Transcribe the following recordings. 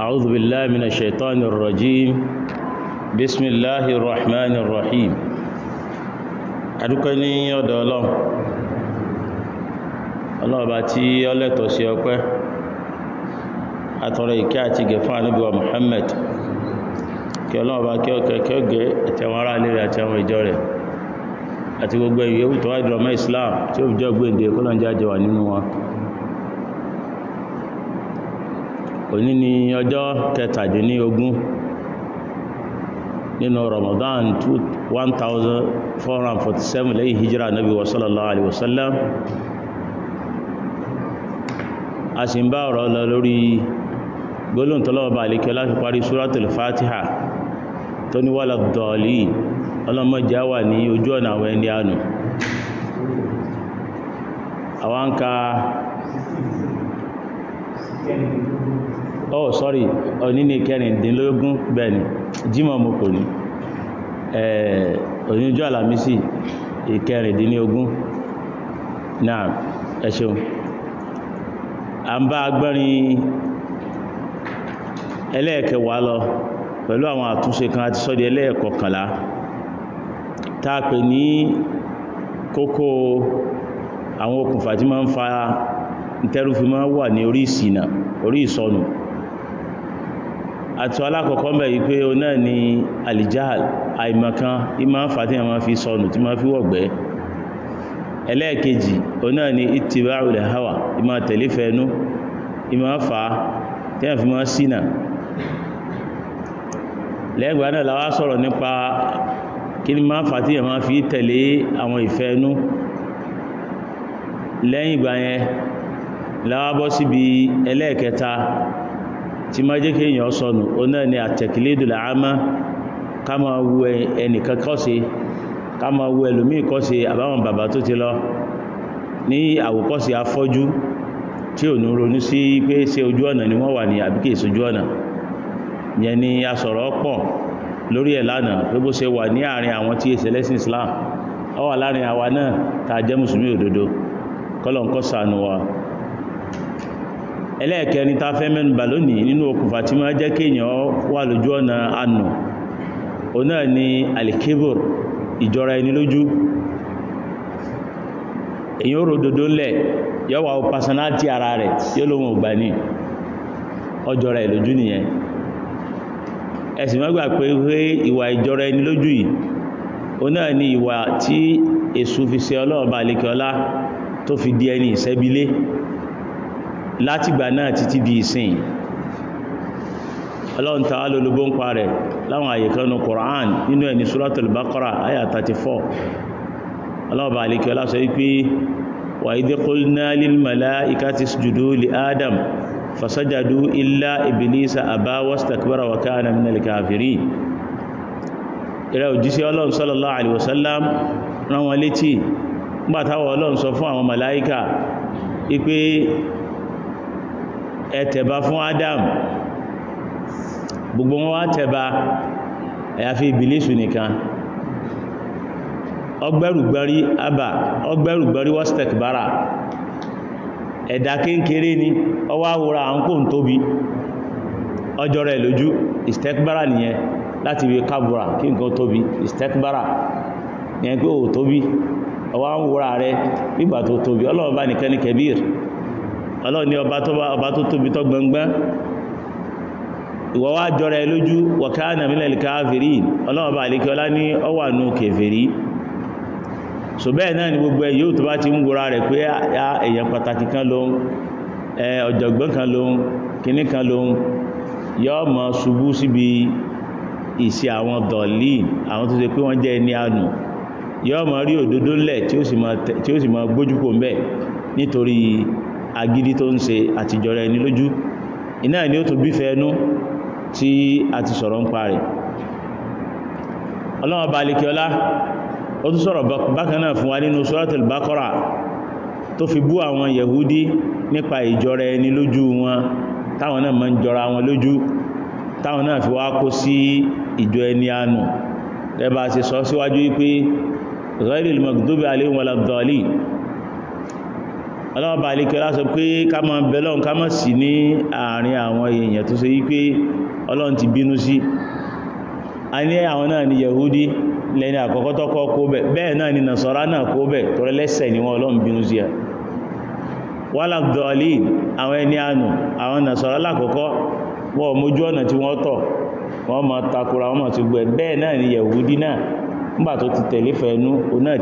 أعوذ بالله من الشيطان الرجيم بسم الله الرحمن الرحيم adúpẹ́ ní ọ̀dọ̀ ọlọ́run ọlọ́ọ̀bá tí ó lẹ́tọ̀ọ́ sí ọpẹ́ àtọrọ ìkẹ́ àti ìgẹ̀ fún ànábì wa Muhammad kí ọlọ́ọ̀bá kí ọkẹ́ kí ọgẹ́ àti àwọn ará ilé rẹ̀ àti àwọn ìjọ rẹ̀ àti gbogbo ìyẹ́wù tó wá ìdúrọ̀mọ́ Islam tí ó fi jọ gbé ìdè kọ́lọ́njá jẹ wà nínú wọn òní ni ọjọ́ kẹtàdínlógún nínú Ramadan 1447 lẹ́yìn hijira nabi wa sallallahu alaihi wasallam a sì ń bá ọ̀rọ̀ lọ lórí gbólóhùn tọ́lọ́wọ́ba àlékẹ́ láti parí súratul fatiha tó ní wà lọ́dọ̀ọ̀lì ọlọ́mọdé wà ní ojú ọ̀nà àwọn ẹni ànù àwọn ń ka oh sorry òní oh, ni kẹrìndínlógún bẹ́ẹ̀ni jímọ̀ mo kò ní òyìnjọ́ eh, àlàmísì ìkẹrìndínlógún náà ẹ ṣeun a ń bá agbẹ́rin ẹlẹ́ẹ̀kẹwàá lọ pẹ̀lú àwọn àtúnṣe kan àti sọ́dí ẹlẹ́ẹ̀kọkànlá tààpè ní kókó àwọn okùnfà tí ma ń fa ìtẹ́rù fi ma ń wà ní orí ìsìnà orí ìsọnù àti alákọ̀ọ́kọ́ mẹ́ wípé o náà ni alìjáàl àìmọ̀kan ìmá ń fà tí a máa fi sọnù tí máa fi wọ̀gbẹ́ ẹlẹ́ẹ̀kejì o náà ni ittiba'ul hawa ìmá tẹ̀lé fẹ́ẹ̀nú ìmá fà tí a fi máa sínà lẹ́gbà náà la wá sọ̀rọ̀ nípa kí ni máa fà tí a lẹ́yìn ìgbà yẹn tí má jẹ́ kí èyàn sọnù ó náà ni àtẹ̀kìlédùlà àmá ká máa wo ẹnìkan kọ́ṣe ká máa wo ẹlòmíì kọ́ṣe àbáwọn bàbá tó ti lọ ní àwòkọ́ṣe afọ́jú tí ò ní ronú sí pé ṣe ojú ọ̀nà ni wọ́n wà ní àbí kìí ṣojú ọ̀nà yẹn ni a sọ̀rọ̀ pọ̀ lórí ẹ̀ lánàá pé bó ṣe wà ní àárín àwọn tí èsẹ̀ lẹ́sìn Islam ó wà láàrin àwa náà tá a jẹ́ mùsùlùmí òdodo kọ́lọ̀ ń kọ́ ṣàánú wa ẹlẹ́ẹ̀kẹrin ta fẹ́ mẹ́nubà lónìí nínú okùnfà tí máa jẹ́ kéèyàn wà lójú ọ̀nà ànà o náà ni alikebor ìjọra ẹni lójú èyàn rò dòdó lẹ̀ yọ́wà o personality ara rẹ̀ yóò lóhun ògbà ní ọjọ́ra ẹ̀ lójú nìyẹn ẹ̀sìn mọ́gbà pé pé ìwà ìjọra ẹni lójú yìí o ni ìwà tí èsù fi ṣe ọlọ́ọ̀bà àlekẹ́ọlá tó fi di ẹni ìṣẹ́bílé látìgbà náà títí di ìsìn ọlọ́run ta alólobó ń pa rẹ̀ láwọn àyíkánu Qur'an nínú ẹni Suratul ayà 34 ọlọ́ọ̀bà alékẹ́ ọlá sọ wípé wa idh qulna lil malaikati isjudu li Adam fasajadu illa iblisa aba wastakbara wa kana minal kafirin ìrẹ òjíṣẹ́ ọlọ́run sallallahu alaihi wasallam rán wọn létí ẹtẹ̀bá fún Adam gbogbo wọn wá tẹ̀bá àyàfi ìbìlísù nìkan ọgbẹ̀rùgbẹ̀rí Aba, ọgbẹ̀rùgbẹ̀rí wọ́stẹ̀k bára ɛda kéńkéré ni ọwá wúra à ń ɔjɔ ń tóbi ọjọ́ rẹ̀ nìyɛn, ìstẹ́kbára nìyẹn láti wí kábùrà kí nǹkan tóbi ìstẹ́kbára yẹn pé o tóbi ọwá ń wúra rẹ̀ nígbà tó tóbi ọlọ́ọ̀bá nìkan ní kẹbíir ọlọ́run ni ọba tó tóbi tó gbọngbọ́n ìwọ wá jọra ẹ lójú wọ̀káànà mílẹ̀ káàfìrí ọlọ́run bá àlékẹ́ ọlá ní ọwà nù kèfèrí so bẹ́ẹ̀ náà ni gbogbo ẹ̀ yóò tó bá ti ń gbora rẹ̀ pé ah, èèyàn pàtàkì kan lóhun ọ̀jọ̀gbọ́n kan lóhun kìnní kan lóhun yóò mọ̀ ṣubú síbi ìṣe àwọn dọ̀lì àwọn tó ṣe pé wọ́n jẹ́ ẹni àánú yóò mọ̀ rí òdodo ńlẹ̀ tí ó sì mọ̀ gbójúkò ńbẹ̀ nítorí agídí tó ń ṣe àtijọ́rẹ ẹni lójú iná ni ó tó bífẹ́ ẹnú tí a ti sọ̀rọ̀ ń pa rẹ̀ ọlọ́wọ́ bá lè kíọlá ó tún sọ̀rọ̀ bákanáà fún wa nínú suratul Baqara tó fi bú àwọn Yẹ̀húdí nípa ìjọrẹ ẹni lójú wọn táwọn náà máa ń jọra wọn lójú táwọn náà fi wá kó sí ìjọ ẹni àánú tẹ́bà sì sọ síwájú wípé ghairil maghdubi alayhim waladdallin ọlọ́ọ̀bá alékẹ́lá sọ pé ká má bẹ̀lọ́n ká ní àárín àwọn èèyàn tó ṣe wípé ọlọ́run ti bínú sí a ní àwọn náà ni yahudi lẹ́ni àkọ́kọ́ tọ́kọ́ kó bẹ̀ bẹ́ẹ̀ náà ni náà kó bẹ̀ tọ́rẹ lẹ́sẹ̀ ni wọ́n ọlọ́run bínú sí ẹ wọ́n dọ̀ọ̀lì àwọn ẹni àánú àwọn lákọ́kọ́ ọ̀nà tí wọ́n tọ̀ ma takura ma gbẹ̀ bẹ́ẹ̀ náà ni yahudi náà nígbà tó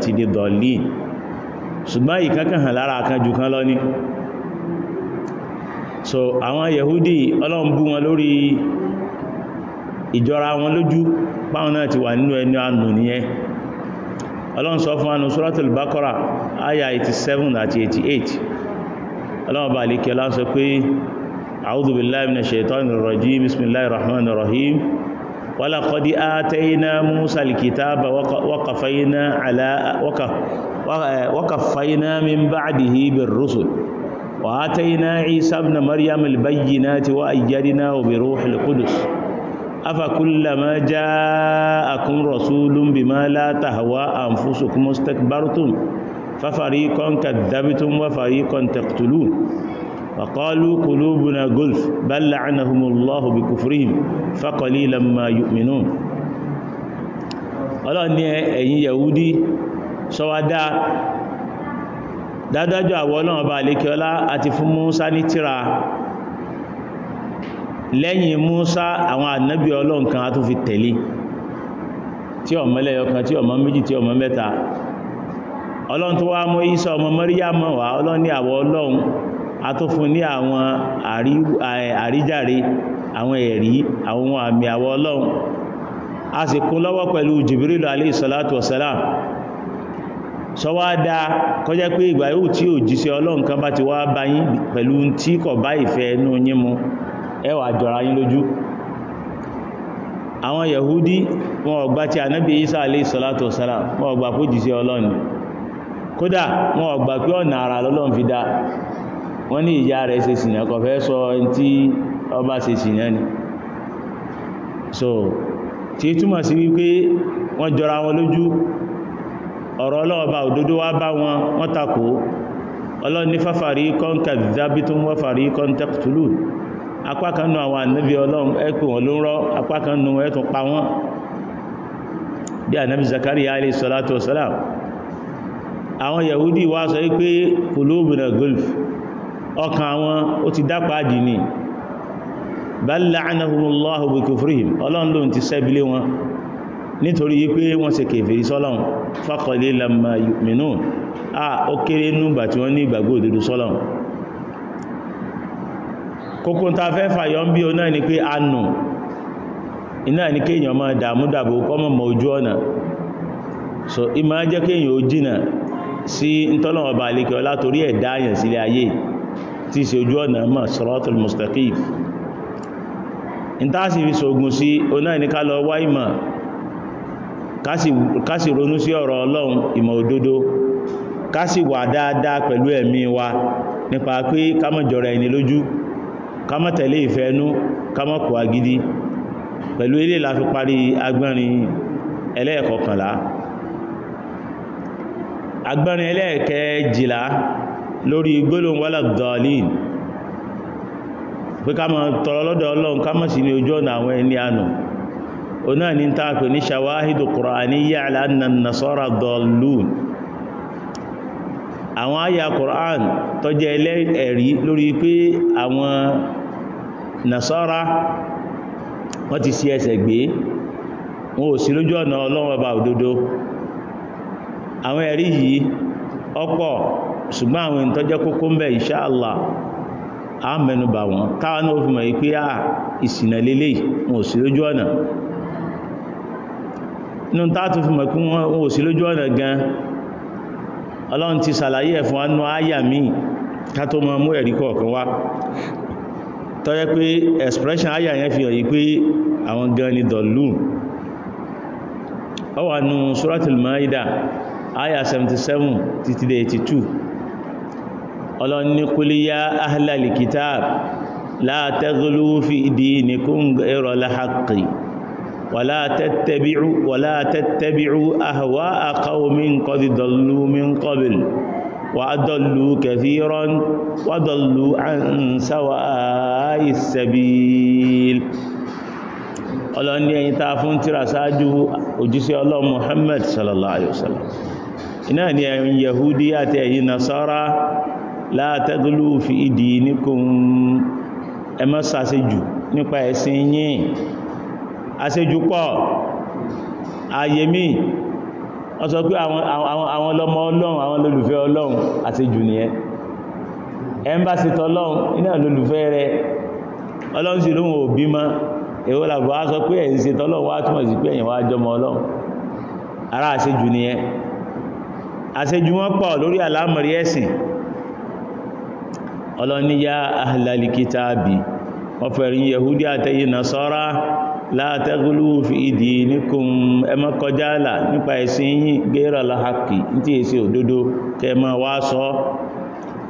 ti ṣùgbọ́n ìkankan hàn lára kan jù kan lọ ní so àwọn yahudi ọlọ́run bú wọn lórí ìjọra wọn lójú báwọn náà ti wà nínú ẹni ànù nìyẹn ọlọ́run sọ fún wọn suratul Baqara aya 87 àti 88 ọlọ́run bá lè pé أعوذ من الشيطان الرجيم بسم الله الرحمن الرحيم ولقد آتينا موسى الكتاب وقفينا على وقف وكفينا من بعده بالرسل وآتينا عيسى ابن مريم البينات وأيدناه بروح القدس أفكلما جاءكم رسول بما لا تهوى أنفسكم استكبرتم ففريقا كذبتم وفريقا تقتلون وقالوا قلوبنا غلف بل لعنهم الله بكفرهم فقليلا ما يؤمنون الله اني يهودي sọwádá dádájọ́ àwọ ọlọ́run ọba àlékiọlá àti fún Músá ní tírà lẹ́yìn Músá àwọn ànábì ọlọ́run kan a tó fi tẹ̀lé tí ọmọ lẹ́yọkan tí ọmọ méjì tí ọmọ mẹ́ta ọlọ́run tó wá mọ́ Ìsá ọmọ Mọ́ríyámọ̀ wá ọlọ́run ní àwọ ọlọ́run a tó fún ní àwọn àríjàre àwọn ẹ̀rí àwọn àmì àwọ ọlọ́run a sì kún lọ́wọ́ pẹ̀lú Jibrilu alayhi salatu sọwádá kọjá pé ìgbà yóò tí ò jíṣẹ́ ọlọ́run kan bá ti wá bá yín pẹ̀lú tí kò bá ìfẹ́ ẹnu yín mu ẹ jọra yín lójú àwọn yahudi wọn ò gbà tí ànábì isa alayhi salatu wasalam wọn ò gbà pé jíṣẹ́ ọlọ́run kódà wọn ò gbà pé ọ̀nà ara lọ́lọ́run fi dá wọ́n ní ìyá rẹ̀ tí ọba so tí túmọ̀ sí wípé wọ́n jọra wọn lójú ọ̀rọ̀ ọlọ́ọ̀bá òdodo wá bá wọn wọ́n takò ọlọ́ni fáfàrí kọ́ǹkà dábí tó ń wọ́fàrí kọ́ǹtẹ́kùtùlù apákanú àwọn ànábí ọlọ́run ẹ́pù wọn ló ń rọ́ apákanú ẹ̀tún pa wọ́n bí ànábí Zakariya alayhi salatu wasalam àwọn Yahudi wá sọ wípé kùlóbùnà gulf ọkàn àwọn ó ti dápa dìní bal la'anahumullahu bi kufrihim ọlọ́run ló ń ti sẹ́bílé wọn nítorí wípé wọ́n ṣe kèfèrí sọ́lọ́run fákọlé lamma yu'minun à ó kéré núgbà tí wọ́n ní ìgbàgbọ́ òdodo sọ́lọ́run kókó ta fẹ́ fàyọ́ ń bí o náà ni pé anù iná ní kéèyàn máa dààmú dàbò kọ́mọ̀ mọ̀ ojú ọ̀nà so ìmá jẹ́ kéèyàn ó jìnà sí ntọ́lọ̀wọ̀ bá lè kẹ́ọ́lá torí ẹ̀dá àyàn sílé ayé tí ṣe ojú ọ̀nà mọ̀ siratul mustaqim ìtàsí fi sògùn sí oná ìníkálọ̀ wáìmọ̀ kásì ronú sí ọ̀rọ̀ ọlọ́run ìmọ̀ òdodo kásì wà dáadáa pẹ̀lú ẹ̀mí wa nípa pé kámọ̀jọra ẹni lójú kámọ̀tẹ̀lé ìfẹ́nú kámọ̀kù agidi pẹ̀lú ilé la parí agbọ́nrin ẹlẹ́ẹ̀kọkànlá agbọ́nrin ẹlẹ́ẹ̀kẹjìlá lórí gbólóhùn wálà dọ̀ọ̀lìn pé ká mọ̀ tọrọ lọ́dọ̀ ọlọ́run ká mọ̀ sí ní ojú ọ̀nà àwọn ẹni ànà oná ní tààkù ní ṣàwáhìdù kùránìyà aláàdínàn nasọ́rà dọ̀lùn àwọn àyà kùrán tó jẹ́ ẹ̀rí lórí pé àwọn nasọ́rà wọ́n ti sí ẹsẹ̀ gbé wọn ò sí lójú ọ̀nà ọlọ́run ọba òdodo àwọn ẹ̀rí yìí ọ̀pọ̀ ṣùgbọ́n àwọn ìtọ́jẹ́ kókó ń bẹ insha Allah a mẹ́nubà wọn káwọn náà fi mọ̀ pé à ìsìnà lélẹ́yìí wọn ò sí lójú ọ̀nà inú tààtù fún mọ̀kú wọn ò sí lójú ọ̀nà gan ọlọ́run ti sàlàyé ẹ̀fún anú àyà míì ká tó mọ mú ẹ̀rí kọ̀ọ̀kan wá tọ́yẹ́ pé expression àyà yẹn fi hàn yí pé àwọn gan ni dọ̀lú ó wà nú suratul maida àyà 77 títí dé 82 ọlọ́run ní qul ya ahlal kitab la taghlu fi dinikum ghayra al-haqqi ولا tẹ́tẹ̀bí'ú ولا tẹ́tẹ̀bí'ú àhàwá قوم قد ضلوا من قبل kọ́bìl كثيرا وضلوا عن wà dọ̀lú àǹsáwà ìsẹ̀bìl ọlọ́ni ẹ̀yìn ta fún tíra sáájú òjíṣẹ́ ọlọ́ Muhammad sallallahu alaihi wasallam iná ni ẹ̀yin Yahudi àti ẹ̀yin Nasara la fi dinikum ẹ má ṣàṣejù nípa ẹ̀sìn yín àṣejùpọ̀ àyèmí wọ́n sọ pé àwọn lọmọ ọlọ́run àwọn lólùfẹ́ ọlọ́run àṣejù nìyẹn ẹmbásí tọ́lọ́run iná lólùfẹ́ rẹ ọlọ́run sì lóhun òbí ma èwo làbọ̀ á sọ pé ẹ̀yìn sí tọ́lọ́run wá túnmọ̀ sí pé ẹ̀yìn wá jọmọ ọlọ́run ara àṣejù nìyẹn àṣejù wọn pọ̀ lórí àlámọ̀rí ẹ̀sìn ọlọ́níyá ahlalikitaabi wọ́n fẹ̀rí yahudi àtẹ́yìn nasọ́ra látẹ́gúlú fi ìdí níkùn ẹmọ́ kọjá àlà nípa ẹ̀sìn yìí gẹ́rọ láhàkì tí èsì òdodo kẹmọ́ wá sọ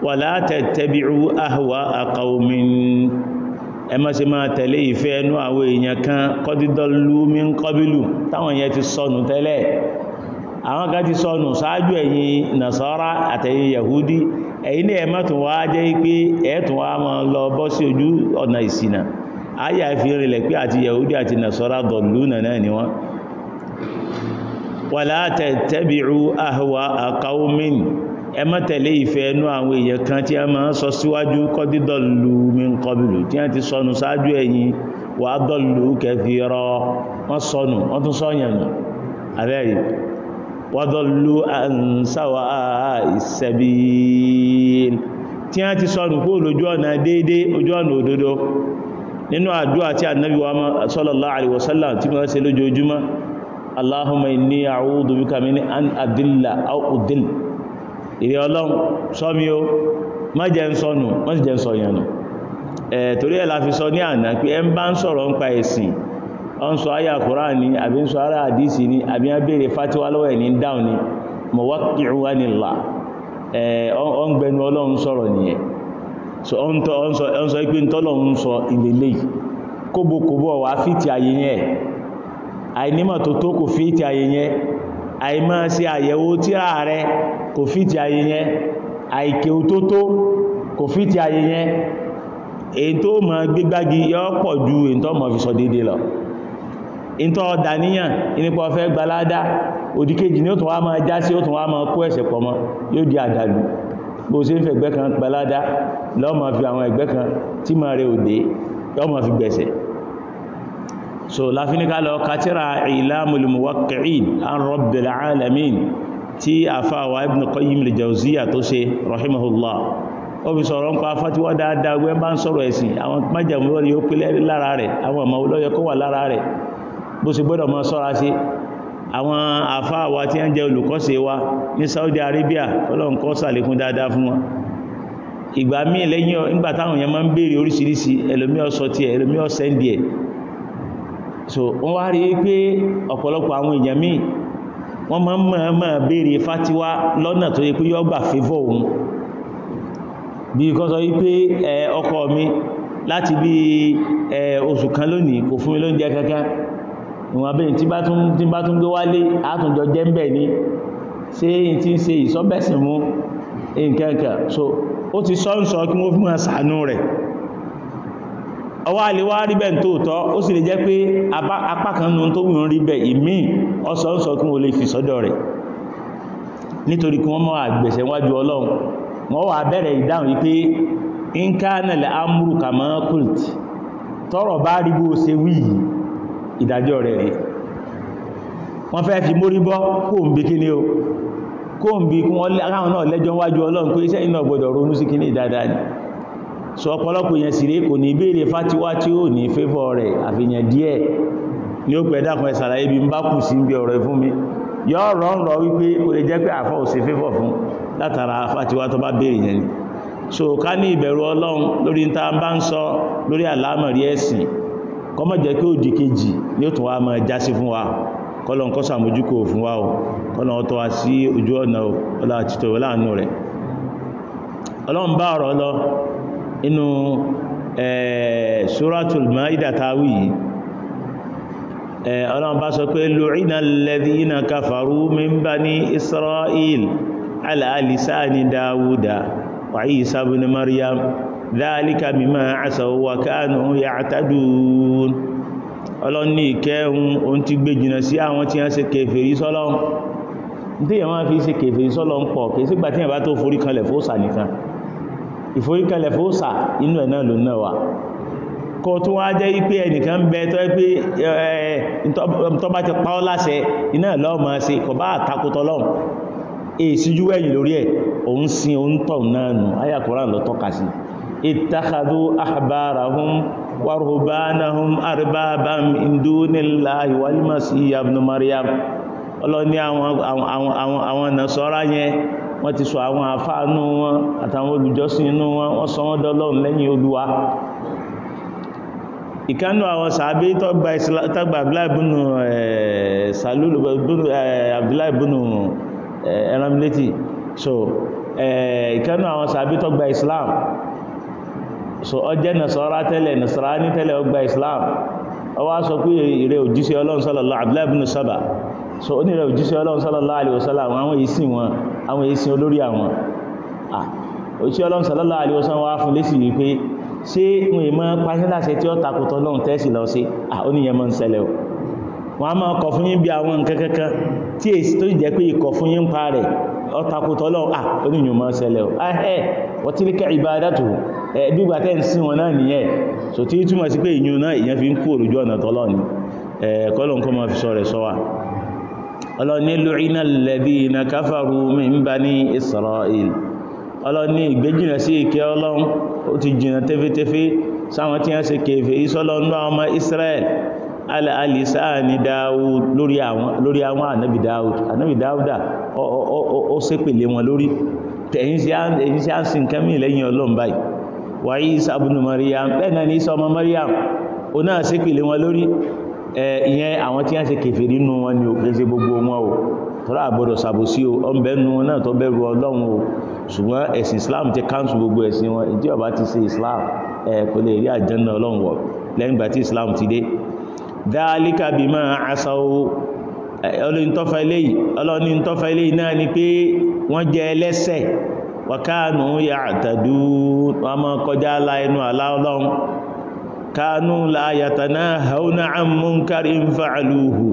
wà látẹ̀tẹ̀bìrú àhùwà àkàwòmín ẹmọ́ sí máa tẹ̀lé ìfẹ́ ẹnu àwọn èèyàn kan kọ́dídọ́lúmí kọ́bílù táwọn yẹn ti sọnù tẹ́lẹ̀ àwọn kan ti sọnù ṣáájú ẹ̀yin nàṣọ́rá àtẹ̀yin yahudi ẹ̀yin ẹ̀mọ́ tún wá jẹ́ pé ẹ̀ẹ́tùn wá máa lọ bọ́ sí ojú ọ̀nà ìsìnà ayà fi rinlẹ̀ pé àti yahudi àti nasara dọ̀lúnà náà ni wọ́n wala tattabi'u ahwa qawmin ẹ má tẹ̀lé ìfẹ́ ẹnú àwọn èèyàn kan tí a máa ń sọ síwájú kọ́dídọ̀lù min qablu tí a ti sọnù sáájú ẹ̀yìn wà dọ̀lù kathira wọ́n sọnù wọ́n tún sọ́yànù àbẹ́rì wọ́dọ̀lù àǹsáwà ìsẹ̀bí tí a ti sọnù kó lójú ọ̀nà déédéé ojú ọ̀nà òdodo nínú àdúwà tí annabi wa sallallahu alaihi wasallam tí wọ́n ṣe lójoojúmọ́ allahumma inni a'udhu bika min an adilla aw udil ìrẹ́ ọlọ́run sọ́mi o má jẹ́ ń sọnù má sì jẹ́ ń sọ ìyànà torí ẹ̀ la fi sọ ní àná pé ẹ ń bá ń sọ̀rọ̀ ń pa ẹ̀sìn ọ ń sọ ayà kùrán àbí ń sọ ara àdísì ni àbí ń bèèrè fatiwa lọ́wọ́ ẹ̀ ní dáun ni mọ̀wákìrúwánilà ọ ń gbẹnu ọlọ́run sọ̀rọ̀ nìyẹn ọ̀n sọ ipin tọ́lọ̀ ń sọ ìlélẹ̀ kóbokòbọ̀ wà fìtì ayé yẹn àìnímọ̀ tó tó kò fìtì ayé yẹn àìmọ́ sí àyẹ̀wò tíra rẹ kò fìtì ayé yẹn àìkèwò tó tó kò fìtì ayé yẹn èyí tó mọ̀ gbígbági yọ́ pọ̀ ju èyí tó mọ̀ fi sọ déédéé lọ ìntọ́ dàníyàn ìnípa ọ̀fẹ́ gbaládá òdíkejì ní ó tún wá máa já sí ó tún wá máa kó ẹ̀ṣẹ̀ pọ̀ mọ́ yóò di àdàlù bó ṣe ń fẹ́ ẹgbẹ́ kan gbalada lọ́mọ fi àwọn ẹgbẹ́ kan tí ma rẹ òdé lọ́mọ fi gbẹ̀sẹ̀ so láfíníká lọ katira I'lamul Muwaqqi'in an Rabbil Alamin tí àfáàwà Ibn Qayyim al-Jawziyya tó ṣe rahimahullah ó fi sọ̀rọ̀ ń pa fátíwá dáadáa gbé bá ń sọ̀rọ̀ ẹ̀sìn àwọn májàmúlọ́ ni ó pílẹ̀ bó ṣe gbọ́dọ̀ mọ́ sọ́ra sí àwọn àfáà wa tí ń jẹ olùkọ́sẹ̀ wa ní Saudi Arabia Ọlọ́run kó ṣàlékún dáadáa fún wọn ìgbà míì lẹ́yìn ìgbà èèyàn máa ń bèèrè oríṣiríṣi ẹlòmí ọ̀sọ̀ tí ẹ̀ ẹlòmí so wọ́n wá rí pé ọ̀pọ̀lọpọ̀ àwọn èèyàn míì wọ́n máa ń mọ̀ọ́mọ̀ fátíwá lọ́nà tó yẹ pé yọ́ mi láti bí oṣù kan lónìí kò fún mi lóúnjẹ kankan ìwọ̀n abẹ́yìn tí bá tún gbé wálé átùnjọ jẹ́ ń bẹ̀ ní ṣe èyí tí ń ṣe ìsọ́bẹ̀sìn mú nkẹ́kẹ́ so ó ti sọ́ ń sọ kí wọ́n fún àṣàánú rẹ̀ ọwọ́ àlewà rí bẹ́ẹ̀ tóòtọ́ ó sì lè jẹ́ pé apákanú tó wùn rí bẹ́ẹ̀ ìmí ọsọ́ ń sọ kí wọ́n lè fi sọ́dọ̀ rẹ̀ nítorí kí wọ́n mọ́ àgbẹ̀sẹ̀ wájú ọlọ́run wọ́n wà bẹ̀rẹ̀ ìdáhùn wípé nkánàlẹ̀ amúrùkàmọ́ kùlt tọ́rọ̀ bá rí bó ṣe wí yìí ìdájọ́ rẹ̀ rí wọ́n fẹ́ fi mórí bọ́ bí kí ní o kóòmbi káwọn náà lẹ́jọ́ wájú ọlọ́run pé iṣẹ́ iná gbọdọ̀ ronú sí kíní dáadáa ni sọ yẹn sì rí kò ní béèrè fátiwá tí ó ní fẹ́fọ́ rẹ̀ àfihàn díẹ̀ ni ó ẹ̀sàrà ibi ń bá kù sí ọ̀rọ̀ rọ wípé kò lè jẹ́ pé àfọ́ ò sí fẹ́fọ́ fún látara tó ni so ká ní ìbẹ̀rù ọlọ́run lórí ń ta bá ń sọ lórí àlámọ̀rí kọmọ̀ jẹ́ kí ó di kejì ní ó tún wá máa jásí fún wa kọlọ̀n kọ́ sàmójúkò fún wa o kọlọ̀n ọ̀tọ́ wa sí ojú ọ̀nà ọlá àtìtọ̀ láàánú rẹ̀ ọlọ́run bá ọ̀rọ̀ lọ inú suratul maida tawi yìí ọlọ́run bá sọ pé lu'ina alladhina kafaru min bani isra'il ala lisani dawuda wa isa ibn maryam dhalika mimma asaw wa kanu ya'tadun ọlọ́run ní ìkẹ́hun ohun ti gbé jìnà sí àwọn tí wọ́n ṣe kèfèrí sọ́lọ́run tí èyàn máa fi ṣe kèfèrí sọ́lọ́run pọ̀ kì í sígbà tí èyàn bá tó forí kanlẹ̀ fóòsà nìkan ìforí kanlẹ̀ fóòsà inú ẹ̀ náà ló náà wà kò tún wá jẹ́ wípé ẹnìkan bẹ tọ́ pé tọ́ pa ọ́ láṣẹ iná lọ́ọ́ máa ṣe kò bá àtakótọ́ lọ́hùn èsìjú ẹ̀yìn lórí ẹ̀ òun sin òun náà nù ayàkùnrán lọ tọ́ka sí اتخذوا أحبارهم ورهبانهم أربابا من دون الله والمسيح ابن مريم ọlọ́ni àwọn nàṣọ́rá yẹn wọ́n ti sọ àwọn àfáànú wọn àtàwọn olùjọ́sìn inú wọn wọ́n sọ wọ́n dọ́lọ́run lẹ́yìn olúwa ìkánú àwọn sàábé tọ́gbà abúláìbùnù eh, eh, eh, Islam so ọjẹ́ nasara tẹ́lẹ̀ nasara ní tẹ́lẹ̀ ọgbà islam ọwá sọ pé ìrẹ́ òjíṣẹ́ ọlọ́run sallallahu abdullahi ibn saba so ó ní ìrẹ́ òjíṣẹ́ ọlọ́run sallallahu alaihi wasallam àwọn ìsìn wọn àwọn ìsìn olórí àwọn òjíṣẹ́ ọlọ́run sallallahu alaihi wasallam wá fún lésì wípé ṣé wọn èèmọ́ pàṣẹ láṣẹ tí ó takùtọ̀ lọ́run tẹ́sì lọ sí oníyẹn mọ́ ń ṣẹlẹ̀ wọ́n tí èsì tó jẹ́ pé Eh, bí tẹ́ ń sin wọn náà nìyẹn so tí túmọ̀ sí pé ìyún náà ìyẹn fi ń kú òrùjú ọ̀nà tọ́lọ́ ni eh, kọ́lọ̀n fi sọ rẹ̀ sọ ọlọ́ni lu'ina alladhina kafaru min bani sí ìkẹ́ sí lẹ́yìn wa Isa ibn Maryam bẹ́ẹ̀ náà ní Isa ọmọ Maryam o náà sí pìlẹ̀ wọn lórí ìyẹn àwọn tí a ṣe kèfè nínú wọn ni òkèsè gbogbo wọn o tọ́lá àbọ̀dọ̀ sàbòsí o ọ bẹ́ẹ̀nu wọn náà tó bẹ̀rù Ọlọ́run o ṣùgbọ́n ẹ̀sìn Islam ti káńsù gbogbo ẹ̀sìn wọn ìdí ọba ti Islam ẹ̀ kò lè rí àjẹ́nà Islam ti dé bima asaw ọlọ́ni tọ́fà eléyìí náà ni pé wọ́n wàkáànù yàtàdú wọn mọ́ kọjá lá ẹnu àlá Ọlọ́run kánú láyàtàná haúnà àmúnkárí ń fa'alúhù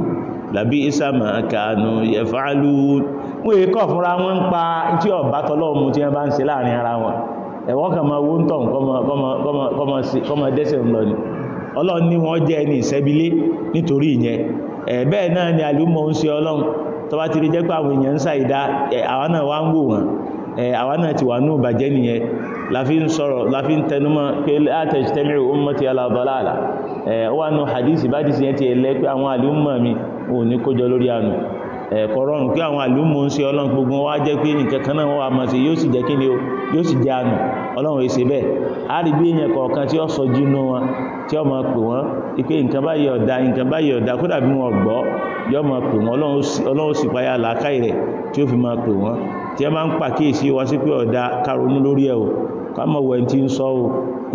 làbí ìsàmà kánú yẹ fa'alú wọ́n èkọ́ fúnra wọn ń pa tí ọ̀bá tọ́lọ́mù tí wọ́n bá ń ṣe láàrin ara wọn ẹ̀wọ́n kàn máa wó tọ̀ kọ́mọ dẹ́sẹ̀ ń lọ ni Ọlọ́run ní wọ́n jẹ́ ẹni ìṣẹ́bílé nítorí ìyẹn ẹ̀bẹ́ẹ̀ náà ni àlúmọ̀ ń ṣe Ọlọ́run tó jẹ́ pé àwọn èèyàn ń ṣàìdá àwọn náà wá ń wò wọn àwa náà ti wà ní ìbàjẹ́ nìyẹn láfi ń sọ̀rọ̀ láfi ń tẹnumọ́ pé látẹ̀jítẹ́mìrì ala dalala wà hadisi bá dìsí yẹn ti ẹ̀lẹ́ pé àwọn mi ò ní kójọ lórí ẹ̀kọ́rọ̀ nke kí àwọn àlúmọ̀ ń ọla ọlọ́run gbogbo wá jẹ́ pé nìkẹ́kan náà wọ́n wà máa ṣe yóò sì jẹ́ kí ni yóò a rí bí èèyàn kọ̀ọ̀kan tí ó sọ jínú wọn tí ó máa pè wọ́n pé nǹkan báyìí ọ̀dà nǹkan báyìí wọn gbọ́ yóò máa pè wọ́n ọlọ́run sì payá làákàyè rẹ̀ tí ó fi máa pè wọ́n tí ẹ ń pàkíyèsí sí o ká mọ̀ wẹ̀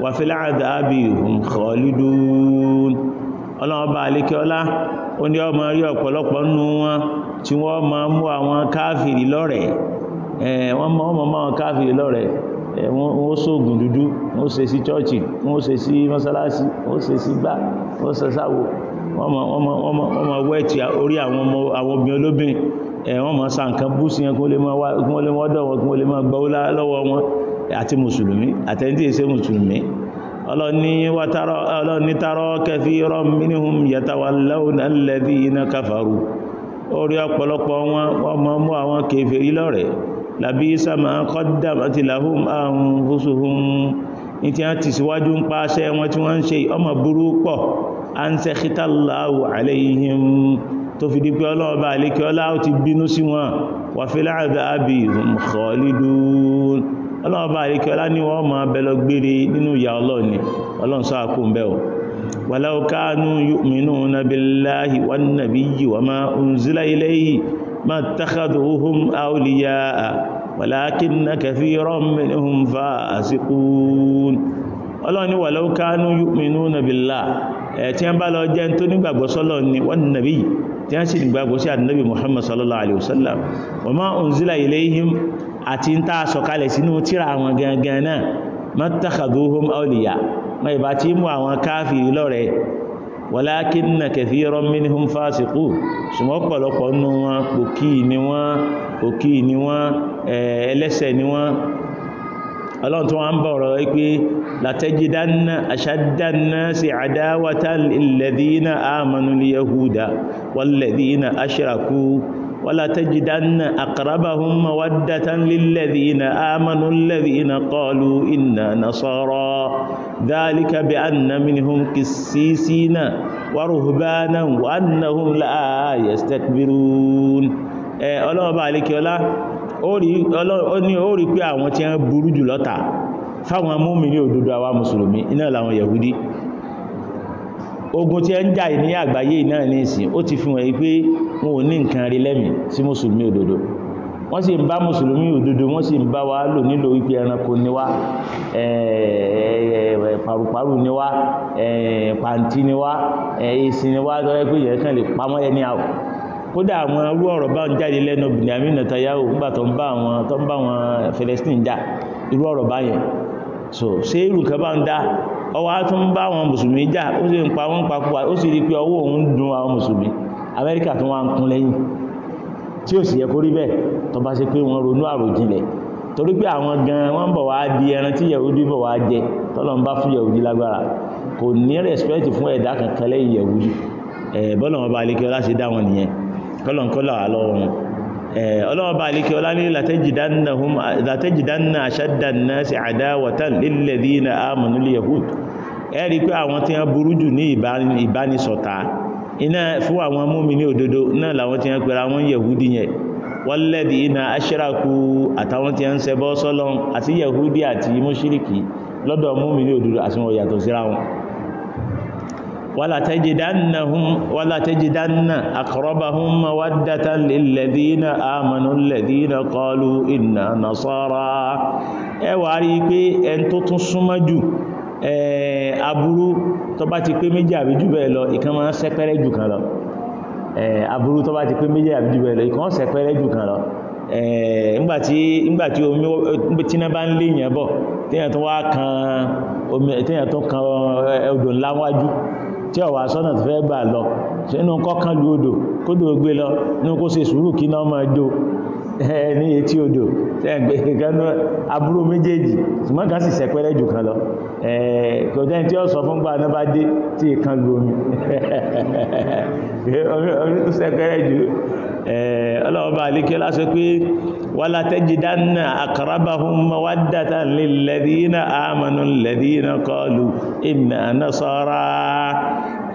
wà fil adhabi hum khalidun ọlọ́ọ̀bá alékẹ́ọlá ó ní ọmọ rí ọ̀pọ̀lọpọ̀ nínú wọn tí wọ́n máa mú àwọn káàfìrí lọ́rẹ̀ẹ́ wọ́n máa mọ́ àwọn káàfìrí lọ́rẹ̀ẹ́ wọ́n sóògùn dúdú wọ́n ṣe sí chọ́ọ̀chì wọ́n ṣe sí àti mùsùlùmí àtẹ́ntí èsẹ́ mùsùlùmí ọlọ́ni tààrọ kẹfí rọ́mìnihun yàtàwàláwùn alẹ́bí iná káfàrú orí ọ̀pọ̀lọpọ̀ wọn ọmọ mú àwọn kèfèrí lọ́rẹ̀ làbí sàmà kọ́dàm àti làhùn àrùn fúsùhùn ní tí a ti síwájú ń pàṣẹ wọn tí wọ́n ń ṣe ọmọ burú pọ̀ a ń sẹ kítàláwù àlẹ́yìn tó fi dípé ọlọ́ọ̀bá àlékẹ́ ti bínú sí wọn wà fílẹ̀ àdábì hùm khalidun ọlọ́ọ̀bá àríkẹ́ọlá ní wọ́n ma bẹ̀lọ gbére nínú ìyà ọlọ́ọ̀ni ọlọ́run sọ àkó ń bẹ̀wọ̀ walau kanu yu'minuna billahi wan nabiyyi wa ma unzila ilayhi ma takhaduhum awliya'a walakinna kathiran minhum fasiqun ọlọ́ọ̀ni walau kanu yu'minuna billahi tí wọ́n bá lọ jẹ́ tó nígbàgbọ́ sọ́lọ́ ni wan nabiyyi tí wọ́n sì nígbàgbọ́ sí ànábì Muhammad sallallahu alaihi wasallam wa ma unzila ilayhim àti ń tàà sọ̀kalẹ̀ sínú tíra àwọn gangan náà mọ́tàkàdúhùn ọlìyà wọ́n ìbá tí mú àwọn káàfìrí lọ́rẹ̀ walakinna kathiran minhum fásikú ṣùgbọ́n pọ̀lọpọ̀ nínú wọn pòkí ni wọ́n pòkí ni wọ́n ẹlẹ́sẹ̀ ni wọ́n ọlọ́run tó wọ́n ń bọ̀ ọ̀rọ̀ wípé latajidanna ashaddan-nasi adawatan lilladhina amanu al-yahuda wal wala tajidanna aqrabahum mawaddatan lilladhina amanu alladhina qalu inna nasara dhalika bi anna minhum qissisina wa ruhbanan wa annahum la yastakbirun ẹ ọlọ́wọ́ bá alékiọlá ó ní ó rí pé àwọn tí wọ́n burú jù lọ́ta fáwọn múmi ní òdodo àwa mùsùlùmí iná yahudi ogun tí ẹ ń jà ní àgbáyé náà ní ìsìn ó ti fi hàn yí pé wọn ò ní nǹkan rí lẹ́mìí sí mùsùlùmí òdodo wọ́n sì ń bá mùsùlùmí òdodo wọ́n sì ń bá wa lò nílò wípé ẹranko ni wá pàrùpàrù ni wá pàǹtí ni wá ni wá lọ́wọ́ pé ìyẹn kàn lè pamọ́ ẹni àwọ̀ kódà àwọn arú ọ̀rọ̀ bá ń jáde lẹ́nu so ṣé irú bá ń ọwọ́ á tún bá àwọn mùsùlùmí jà ó sì ń pa wọ́n papọ̀ ó sì rí pé ọwọ́ òun dùn àwọn mùsùlùmí amẹ́ríkà tún wá ń kún lẹ́yìn tí ò sì yẹ kó rí bẹ́ẹ̀ tó bá ṣe pé wọ́n ronú àròjinlẹ̀ torí pé àwọn gan wọ́n ń bọ̀ wá di ẹran tí yẹ̀wúdí bọ̀ wá jẹ tọ́lọ́n bá fún yẹ̀wúdí lágbára kò ní rẹ̀spẹ́tì fún ẹ̀dá kankan lẹ́yìn yẹ̀wúdí ẹ̀ bọ́lọ̀ wọn bá lè ọlá ṣe dá wọn nìyẹn kọ́lọ̀ ń kọ́lọ̀ àlọ́ wọn Eh, ọlọ́ọ̀bá alékẹ́ ọlá ní látẹ́jìdánà àṣádànà sí àdáwọ̀tán lílẹ̀dí na ámùnú lè yahud ẹ̀rí pé àwọn tí wọ́n burú jù ní ìbánisọ̀tá iná fún àwọn mùmínì òdodo náà làwọn tí wọ́n pẹ̀rẹ̀ àwọn yahudi yẹn wọ́lẹ̀dí na aṣírakú àtàwọn tí wọ́n ṣẹbọ́ sọ́lọ́n àti yahudi wala tajidannahum wala tajidanna aqrabahum mawaddatan lilladhina amanu alladhina qalu inna nasara ẹ wá rí pé ẹn tó tún súnmọ́ jù aburú tó bá ti pé méjì àbí jù bẹ́ẹ̀ lọ ìkan máa ń sẹ́pẹ́rẹ́ jù kan lọ aburú tó bá ti pé méjì àbí jù lọ ìkan sẹ́pẹ́rẹ́ jù kan lọ ńgbàtí omi tíná bá ń léèyàn bọ̀ téèyàn tó kan odò ńlá tí ọ̀wà sọ́nà ti fẹ́ gbà lọ inú kọ́kàn lu odò kódò gbé lọ inú kó ṣe sùúrù kí náà máa jó Eh, ní etí odò tẹ́gbẹ́ ìkanú aburú méjèèjì ṣùgbọ́n kan sì sẹpẹ́rẹ́ jù kan lọ eh, kò tí ó sọ fún gbà náà bá dé tí ìkan gbomi omi tó sẹpẹ́rẹ́ jù eh, ọlọ́ọ̀bá alékẹ́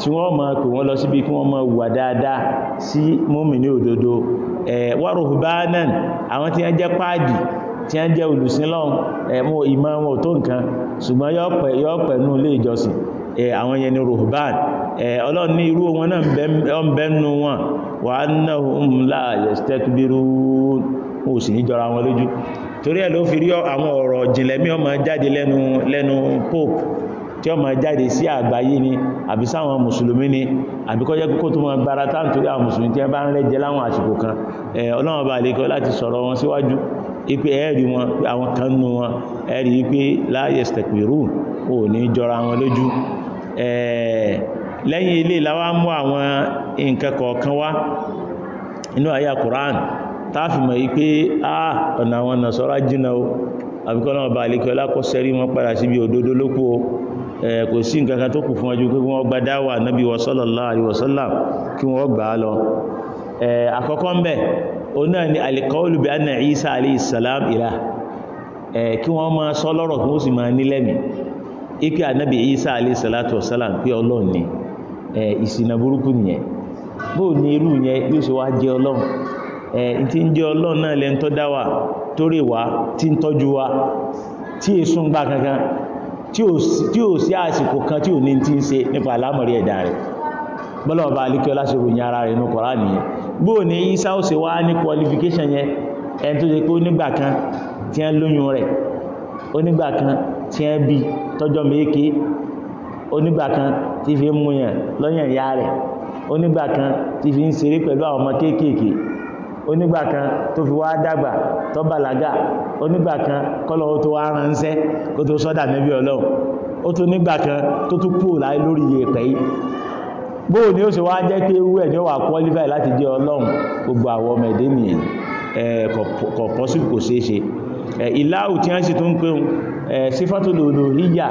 tí wọ́n máa pè wọ́n lọ síbi kí wọ́n máa wà dáadáa sí mùmínì òdodo waruhbanan àwọn tí wọ́n jẹ́ páàdì tí wọ́n jẹ́ olùsílọ́hun ẹ̀mú ìmọ̀ wọn tó nǹkan ṣùgbọ́n yọ́ pẹ̀lú ilé ìjọsìn àwọn yẹn ni ruhban ọlọ́run ní irú wọn náà ń bẹ́nu wọn wa annahum la yastakbirun ó sì ní jọra wọn lójú torí ẹ̀ ló fi rí àwọn ọ̀rọ̀ jìnlẹ̀ mí ọmọ jáde lẹ́nu pope tí ó máa jáde sí àgbáyé ni àbí sáwọn mùsùlùmí ni àbí kọjẹ́ kó tó máa gbára táǹtorí àwọn mùsùlùmí tí wọ́n bá ń rẹ́jẹ láwọn àsìkò kan ọlọ́run bá lè kọ́ láti sọ̀rọ̀ wọn síwájú ipe ẹ̀rí wọn àwọn kan nù wọn ẹ̀rí pé la Qur'an táàfìmọ̀ yí pé àà ọ̀nà àwọn nàṣọ́rá jìnà o àbíkọ́lọ́wọ́ bá àlékọ́ lákọ́ sẹ́rí wọn padà síbi òdodo lókú o Eh, kò sí nǹkan tó kù fún ọjọ́ pé wọ́n gba dáwà nábi sallallahu alaihi wasallam kí wọ́n gbà á lọ eh, àkọ́kọ́ ń bẹ̀ o náà ni al-qawlu bi anna Isa alayhi salam ilah eh, kí wọ́n máa sọ lọ́rọ̀ kí wọ́n sì máa nílẹ̀mí ike ànábì Isa alayhi salatu wasalam pé ọlọ́run ni ìsìnà burúkú nìyẹn bóò ní irú yẹn yóò ṣe wá jẹ́ ọlọ́run ẹ̀yìn tí ò sí àsìkò kan tí ò ní tí ń ṣe nípa alámọ̀rí ẹ̀dá rẹ̀ bọ́lọ̀ọ̀bá alikẹ́ lásìkò ìyìn ara rẹ̀ ní kọ̀rá nìyẹn bó ní isa ó ṣe wá ní qualification yẹn ẹni tó ṣe pé onígbà kan tí ń lóyún rẹ̀ onígbà kan tí ń bí tọ́jọ́ méèké onígbà kan tí fi ń múyàn lọ́yàn ìyá rẹ̀ onígbà kan tí fi ń ṣeré pẹ̀lú àwọn ọmọ kéékèèké onígbà kan tó fi wá dàgbà tó bàlágà onígbà kan kọ́lọ̀ ó tó wá ránṣẹ́ kó tó sọ́dà níbi ọlọ́run ó tó nígbà kan tó tún kúrò láì lórí iye pẹ̀ yìí bóò ni ó ṣe wá jẹ́ pé irú ẹ̀ ní ó wà qualify láti jẹ́ ọlọ́run gbogbo àwọn ọmọ ẹ̀dẹ́ nìyẹn kò possible kò ṣeé ṣe ìláhù tí wọ́n sì tún ń pé sífàtòlòlò híyà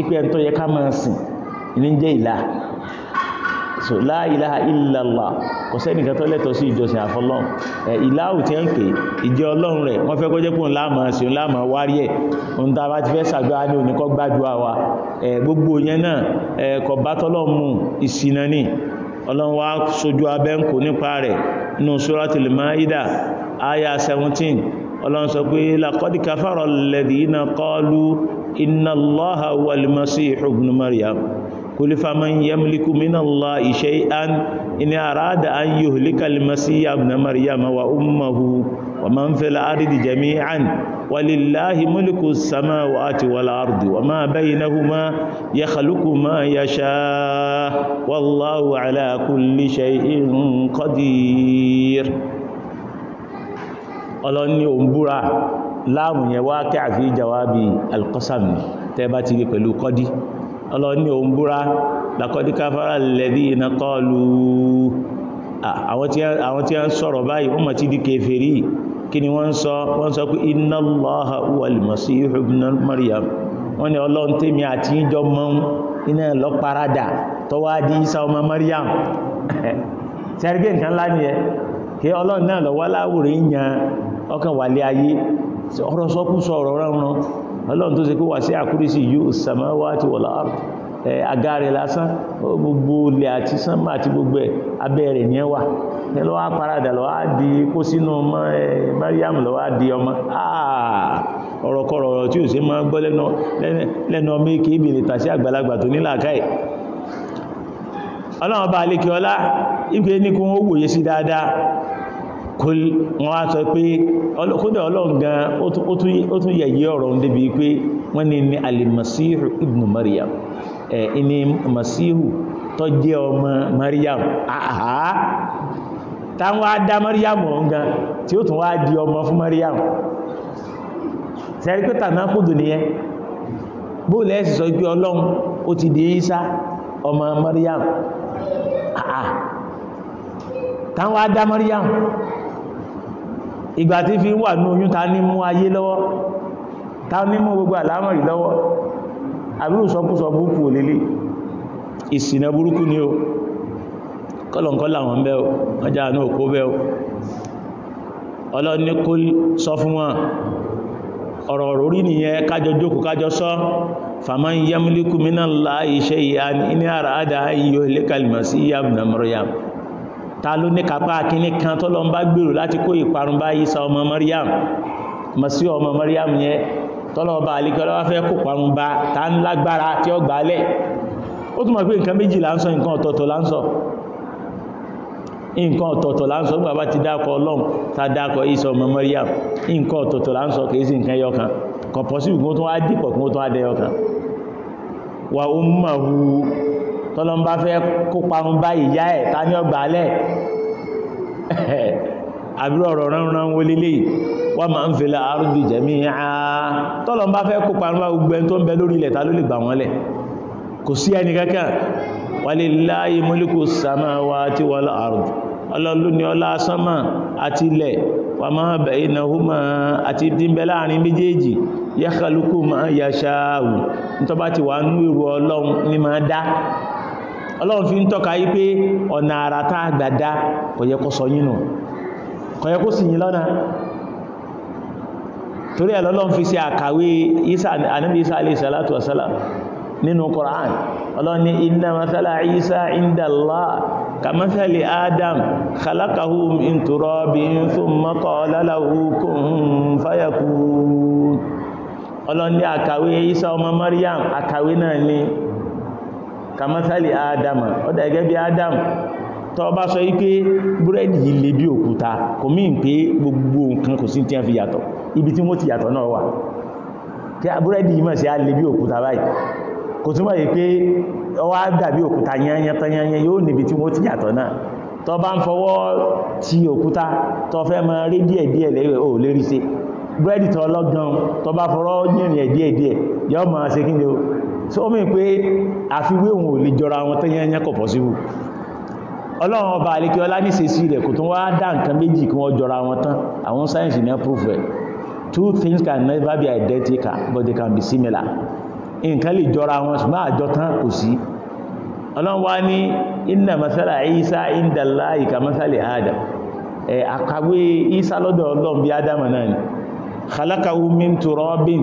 ìpẹ́ ẹ̀ntọ́ yẹ ká máa sìn ní jẹ́ ìlà so la ilaha illallah kò sẹ́nìkan tó lẹ́tọ̀ sí ìjọsìn àfọlọ́n ẹ̀ ìláhù tí ń pè ìjẹ́ ọlọ́run rẹ̀ wọ́n fẹ́ kọjẹ́ pòun láàmà sí òun láàmà wárí ẹ̀ òun tá a bá ti fẹ́ sàgbà ní oníkọ́ gbájúwa wa ẹ̀ gbogbo yẹn náà ẹ̀ kọ̀ bá tọ́lọ́mù ìsinà ní ọlọ́run wá sojú abẹ́ nípa rẹ̀ nínú suratul maida aya 17 ọlọ́run sọ pé laqad kafara alladhina qalu inna allaha wal masihu ibn قل فمن يملك من الله شيئا إن أراد أن يهلك المسيح ابن مريم وأمه ومن في الأرض جميعا ولله ملك السماوات والأرض وما بينهما يخلق ما يشاء والله على كل شيء قدير ọlọ́ni òun búra láàmù yẹn wá kẹ́ àfi jawabi alqasam ni tẹ́ bá ti rí pẹ̀lú kọ́dí ọlọ́ni òun búra laqad kafara alladhina qalu àwọn tí a ń sọ̀rọ̀ báyìí wọ́n mọ̀ tí di kèfèrí kí ni wọ́n sọ wọ́n sọ pé inna Allaha huwal masih ibn Maryam wọ́n ni ọlọ́run tèmi àti ìjọ mọ́ iná lọ parádà tó Maryam sẹ́rẹ́gẹ́ nǹkan ńlá ni ẹ kí ọlọ́run náà lọ wá láwùrẹ́ yàn ọkàn wàlé ayé ọ̀rọ̀ ọlọ́run tó ṣe kó wà sí àkúrísí yóò sàmáwá ti wọ̀lá agáre lásán gbogbo ilẹ̀ àti sánmà àti gbogbo ẹ̀ abẹ́ rẹ̀ ní ẹwà ẹ lọ́wọ́ paradà lọ́wọ́ á di kó sínú ọmọ ẹ Mariam lọ́wọ́ á di ọmọ ọ̀rọ̀kọ̀rọ̀ ọ̀rọ̀ tí ò sí máa gbọ́ lẹ́nu ọmọ èké ìbìrì tàṣí àgbàlagbà tó ní làákàyè ọlọ́run bá lékè ọlá ìgbé ní ó wòye sí dáadáa wọ́n á sọ pé kódà ọlọ́run gan ó tún yẹ̀yẹ́ ọ̀rọ̀ ń débi pé wọ́n ní ní alimasihu ibn Maryam ẹ̀ ní masihu tó jẹ́ ọmọ Maryam àhá táwọn á dá Maryam ọ̀hún gan tí ó tún wá di ọmọ fún Maryam sẹ́rí pé tàná kùdù nìyẹn bóòlù ẹ̀sì sọ pé ọlọ́run ó ti di Isa ọmọ Maryam àhá táwọn á dá Maryam ìgbà tí fi wà ní oyún ta ní mú ayé lọ́wọ́ ta ní mú gbogbo àlámọ̀rí lọ́wọ́ àbúrò sọkúsọ burúkú ò lélẹ̀ ìsìnà burúkú ni o kọlọ̀nkọlọ̀ àwọn bẹ́ o ọjà àánú òkó bẹ́ o ọlọ́ni kó sọ fún wọn ọ̀rọ̀ orí nìyẹn kájọ jókòó kájọ sọ fàmá yamliku minallahi shay'an in arada an yuhlikal masiha ibn maryam ta ló ní kápá kíní kan tọ́lọ ń bá gbèrò láti kó ìparun bá Ìsá ọmọ Maryam mọ̀sí ọmọ Maryam yẹn tọ́lọ ọba àlekẹ́ lọ́wọ́ fẹ́ kó parun bá ta ń lágbára tí ó gbálẹ̀ ó túnmọ̀ pé nǹkan méjì là ń nǹkan ọ̀tọ̀ọ̀tọ̀ là nǹkan ọ̀tọ̀ọ̀tọ̀ là ń sọ ti dákọ̀ Ọlọ́run ta dákọ̀ Ìsá ọmọ Maryam nǹkan ọ̀tọ̀ọ̀tọ̀ là ń sọ kìí sí nǹkan yọkan kọ̀pọ̀ sí ìgbóhùn tó wá dìpọ̀ kí wọ́n tó wá dẹyọkan wà ó mọ̀ hu tọ́lọ́n bá fẹ́ kó parun bá ìyá ẹ̀ ta ní ọgbà alẹ́ àbúrò ọ̀rọ̀ ránran wọlé léyìí wọ́n máa ń fi la ardi jami'a tọ́lọ́n bá fẹ́ kó parun bá gbogbo ẹni tó ń bẹ lórí ilẹ̀ ta ló lè gbà wọ́n lẹ̀ kò sí ẹni kankan walillahi mulku samawati wal ard ọlọ́lú ni ọlá sánmà àti ilẹ̀ wà máa bẹ̀yìn náà húnmà àti dínbẹ̀ láàrin méjèèjì yakhluqu ma yasha'u ní tọ́bá wà ń rú ọlọ́run ní máa dá ọlọ́run fi ń tọ́ka yí pé ọ̀nà àràtà àgbàdá kò yẹ kó sọ yínú kò yẹ kó sì yín lọ́nà torí ẹ̀ lọ́lọ́run fi ṣe àkàwé anábi isa alayhi salatu wasalam nínú Qur'an ọlọ́run ní inna mathala isa inda Allah kamathali adam khalaqahu min àkàwé isa ọmọ Maryam àkàwé náà ni kàmátàlì ádámà ó dà gẹ́gẹ́ bí ádámà tó bá sọ wípé búrẹ́dì yìí le bí òkúta kò mí pé gbogbo nǹkan kò sí tí wọ́n fi yàtọ̀ ibi tí wọ́n ti yàtọ̀ náà wà kí búrẹ́dì yìí mọ̀ sí á le bí òkúta báyìí kò túnmọ̀ yìí pé ọwá dàbí òkúta yányán tányányán yóò níbi tí wọ́n ti yàtọ̀ náà tó bá ń fọwọ́ ti òkúta tó fẹ́ mọ so ó mì pé àfiwé òun ò lè jọra wọn tó yẹn kọ̀ pọ̀síwù ọlọ́run ọba àlekí ọlá ní ṣe sí rẹ̀ kò tún wá dá nǹkan méjì kí wọ́n jọra wọn tán àwọn sáyẹ̀nsì ní proof ẹ̀ two things can never be identical but they can be similar nǹkan lè jọra wọn ṣùgbọ́n àjọ tán kò sí ọlọ́run wá ní inna masala isa indala ika masala adam ẹ̀ àkàwé isa lọ́dọ̀ ọlọ́run bí adam náà ni khalakawu min turabin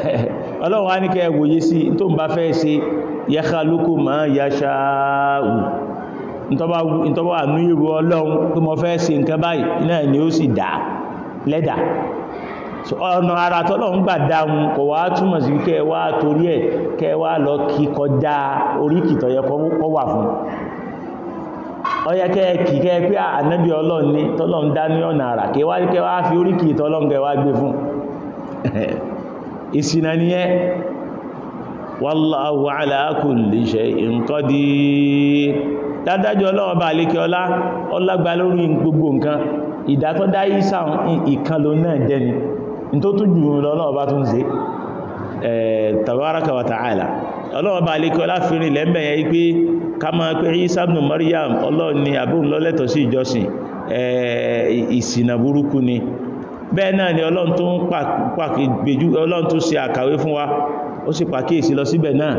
ọlọ́run á ní kẹ́ wòye sí tó ń bá fẹ́ ṣe yakhluqu ma yasha'u ìtọ́bá àmú ìrù ọlọ́run tó mọ́ fẹ́ ṣe nǹkan báyìí náà ni ó sì dá lẹ́dà ọ̀nà ara tọ́lọ́run gbà dáhùn kò wá túmọ̀ sí kẹ́ wá torí ẹ̀ kẹ́ wá lọ kí kọjá oríkì tó yẹ wà fún ọyẹ kẹ́ẹ̀kì kẹ́ pé ànábì ọlọ́run ní tọ́lọ́run dá ní ọ̀nà àrà kẹ́ wá fi oríkì tọ́lọ́run kẹ́ wá gbé fún na nìyẹn wallahu ala kulli shay'in qadir dádájọ́ ọlọ́wọ́ bá lékẹ́ ọlá ọlágbà lórí gbogbo nǹkan ìdátọ́dá ìsà wa ta'ala Isa ibn Maryam ọlọ́ọ̀ ni àbúrò lọ́lẹ́tọ̀ sí ni bẹ́ẹ̀ náà ni ọlọ́run tó ń pàkìgbèjú ọlọ́run tó ṣe àkàwé fún wa ó sì pàkíyèsí lọ síbẹ̀ náà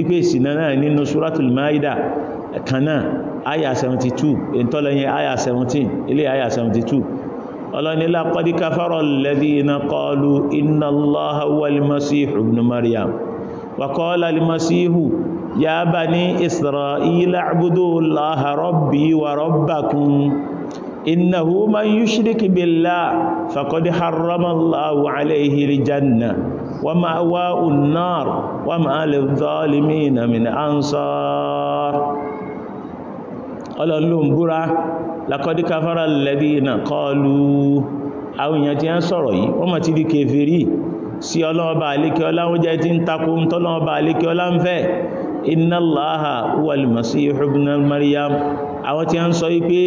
ipé ìsìnà náà nínú suratul maida kan náà aya 72 ìntọ́lẹ̀yìn aya 17 ilé aya 72 ọlọ́ni laqad kafara alladhina qalu inna allaha wal masihu ibn maryam wa qala al masihu ya innahu man yushrik billah faqad harramallahu alayhi aljanna wa ma'wahu an-nar wa ma lil-zalimina min ansar ọlọ́lọ́m búra laqad kafara alladhina qalu àwọn èèyàn tí ń sọ̀rọ̀ yìí wọ́n mọ̀ ti di kèfèrí sí ọlọ́ọba àlékẹ́ọlá wọ́n jẹ́ tí ń takò ń tọ́lọ́ọba àlékẹ́ọlá ń fẹ́ innallaha huwal masihu ibn maryam àwọn tí a ń sọ wípé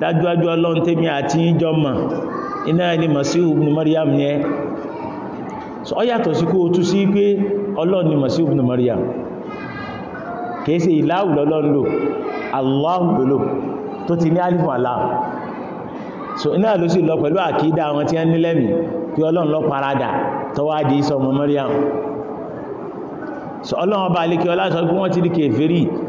dájúdájú ọlọ́run tèmi àti ìjọ mọ̀ iná ẹni Masihu ibn Maryam yẹn so ọ yàtọ̀ sí kó o tú sí pé ọlọ́run ni Masihu ibn Maryam kìí ṣe ìláhù lọ́lọ́run lò Allahu lò tó ti ní alifu Allah so iná ló sì lọ pẹ̀lú àkídà àwọn tí a ní lẹ́mì pé ọlọ́run lọ parada tọ́wá di Isa ọmọ Maryam so ọlọ́run ọba àlekẹ́